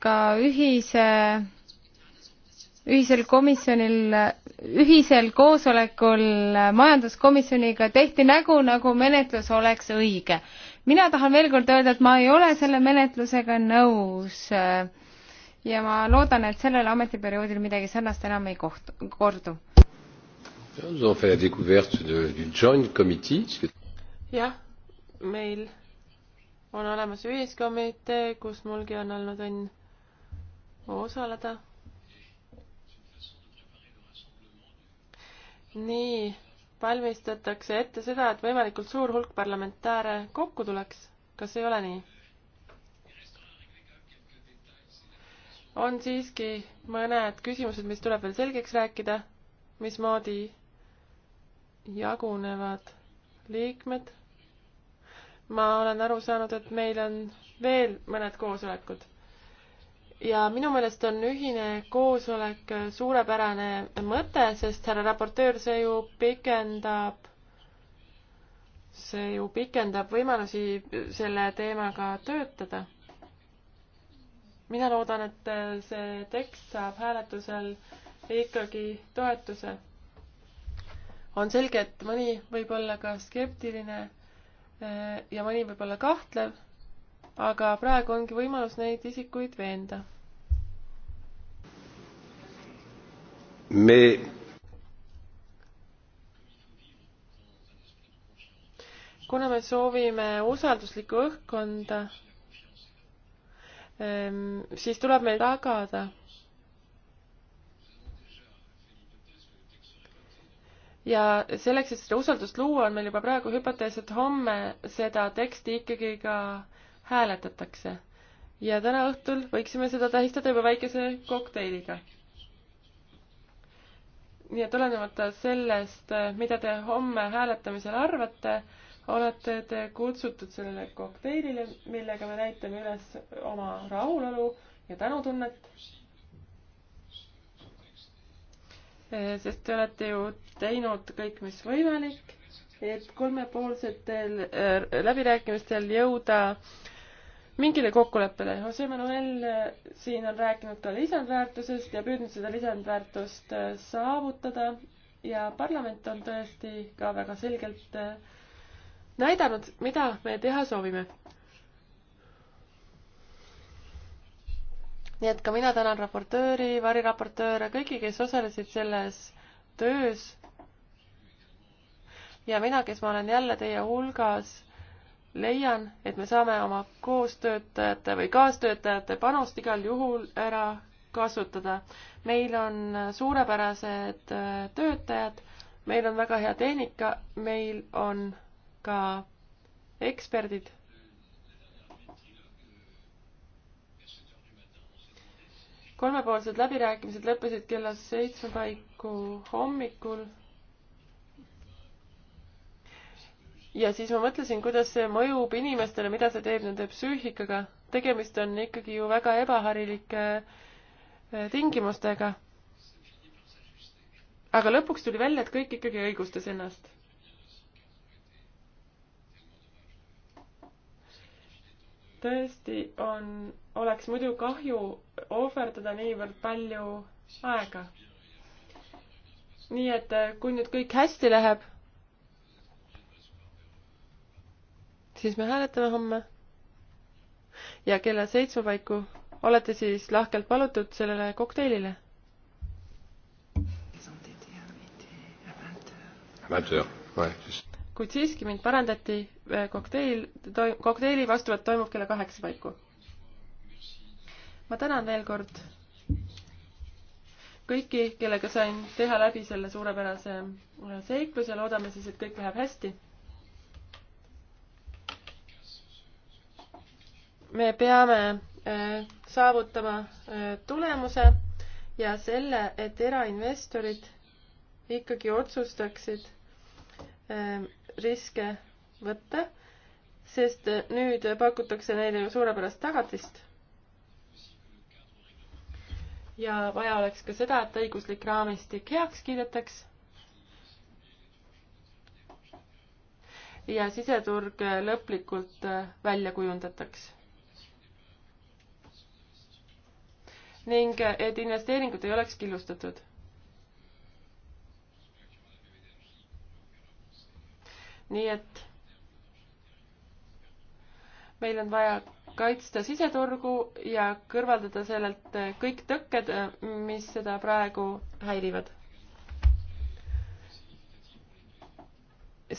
ka ühise, ühisel komisjonil ühisel koosolekul majanduskomisjoniga tehti nägu, nagu menetlus oleks õige. mina tahan veel kord öelda, et ma ei ole selle menetlusega nõus. ja ma loodan, et sellel ametiperioodil midagi sarnast enam ei kohtu, kordu. jah, meil on olemas ühiskomitee, kus mulgi on olnud õnn osaleda nii valmistatakse ette seda, et võimalikult suur hulk parlamentääre kokku tuleks. kas ei ole nii? on siiski mõned küsimused, mis tuleb veel selgeks rääkida, mismoodi jagunevad liikmed. ma olen aru saanud, et meil on veel mõned koosolekud ja minu meelest on ühine koosolek suurepärane mõte, sest härra raportöör, see ju pikendab, see ju pikendab võimalusi selle teemaga töötada. mina loodan, et see tekst saab hääletusel ikkagi toetuse. on selge, et mõni võib olla ka skeptiline eh, ja mõni võib olla kahtlev, aga praegu ongi võimalus neid isikuid veenda me kuna me soovime usalduslikku õhkkonda, ehm, siis tuleb meil tagada ja selleks, et seda usaldust luua, on meil juba praegu hüpotees, et homme seda teksti ikkagi ka hääletatakse. ja täna õhtul võiksime seda tähistada juba väikese kokteiliga ja tulenemata sellest, mida te homme hääletamisel arvate, olete te kutsutud sellele kokteilile, millega me näitame üles oma rahulolu ja tänutunnet. sest te olete ju teinud kõik, mis võimalik, et kolmepoolsetel äh, läbirääkimistel jõuda äh, mingile kokkuleppele. Jose Manuel eh, siin on rääkinud ka lisandväärtusest ja püüdnud seda lisandväärtust eh, saavutada ja parlament on tõesti ka väga selgelt eh, näidanud, mida me teha soovime. nii et ka mina tänan raportööri, variraportööre, kõiki, kes osalesid selles töös. ja mina, kes ma olen jälle teie hulgas leian, et me saame oma koostöötajate või kaastöötajate panust igal juhul ära kasutada. meil on suurepärased äh, töötajad, meil on väga hea tehnika, meil on ka eksperdid. kolmepoolsed läbirääkimised lõppesid kella seitsme paiku hommikul ja siis ma mõtlesin, kuidas see mõjub inimestele, mida see teeb nende psüühikaga. tegemist on ikkagi ju väga ebaharilike äh, tingimustega. aga lõpuks tuli välja, et kõik ikkagi õigustas ennast. tõesti on, oleks muidu kahju ohverdada niivõrd palju aega. nii et äh, kui nüüd kõik hästi läheb siis me hääletame homme. ja kella seitsme paiku olete siis lahkelt palutud sellele kokteilile. kuid siiski mind parandati, äh, kokteil, kokteili vastuvõtt toimub kella kaheksa paiku. ma tänan veel kord kõiki, kellega sain teha läbi selle suurepärase äh, seikluse, loodame siis, et kõik läheb hästi me peame äh, saavutama äh, tulemuse ja selle, et erainvestorid ikkagi otsustaksid äh, riske võtta, sest nüüd pakutakse neile ju suurepärast tagatist. ja vaja oleks ka seda, et õiguslik raamistik heaks kiidetaks. ja siseturg lõplikult välja kujundataks ning et investeeringud ei oleks killustatud. nii et meil on vaja kaitsta siseturgu ja kõrvaldada sellelt kõik tõkked, mis seda praegu häirivad.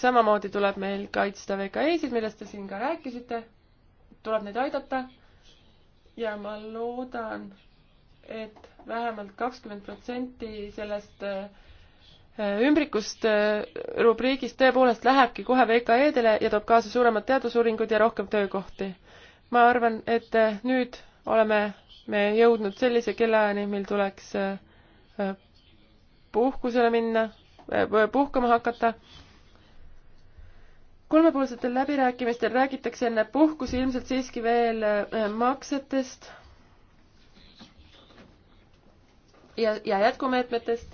samamoodi tuleb meil kaitsta VKE-sid, millest te siin ka rääkisite. tuleb neid aidata ja ma loodan, et vähemalt kakskümmend protsenti sellest äh, ümbrikust äh, rubriigist tõepoolest lähebki kohe VKE-dele ja toob kaasa suuremad teadusuuringud ja rohkem töökohti. ma arvan, et äh, nüüd oleme me jõudnud sellise kellaajani, mil tuleks puhkusele minna, puhkama hakata kolmepoolsetel läbirääkimistel räägitakse enne puhkusi ilmselt siiski veel maksetest ja, ja jätkumeetmetest.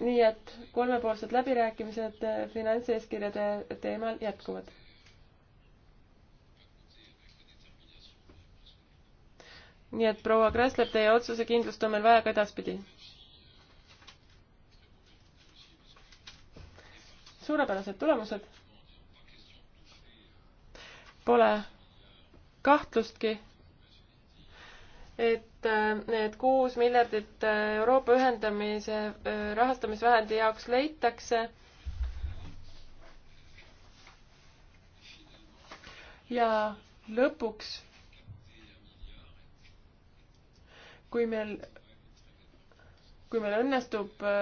nii et kolmepoolsed läbirääkimised eh, finantseeskirjade teemal jätkuvad. nii et proua Kräslep, teie otsusekindlust on meil vaja ka edaspidi. suurepärased tulemused. Pole kahtlustki, et et need kuus miljardit äh, Euroopa ühendamise äh, rahastamisvahendi jaoks leitakse. ja lõpuks, kui meil, kui meil õnnestub äh,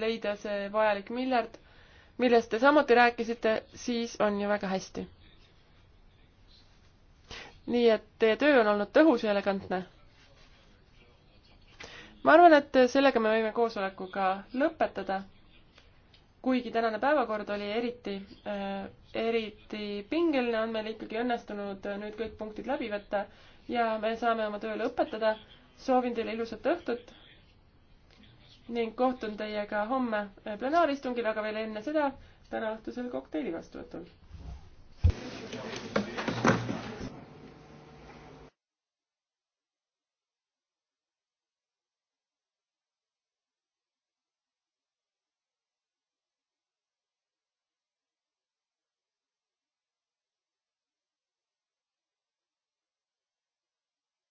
leida see vajalik miljard, millest te samuti rääkisite, siis on ju väga hästi. nii et teie töö on olnud tõhus ja elegantne ma arvan, et sellega me võime koosolekuga lõpetada. kuigi tänane päevakord oli eriti äh,, eriti pingeline, on meil ikkagi õnnestunud nüüd kõik punktid läbi võtta ja me saame oma töö lõpetada. soovin teile ilusat õhtut ning kohtun teiega homme äh, plenaaristungil, aga veel enne seda tänaõhtusel kokteili vastuvõtul.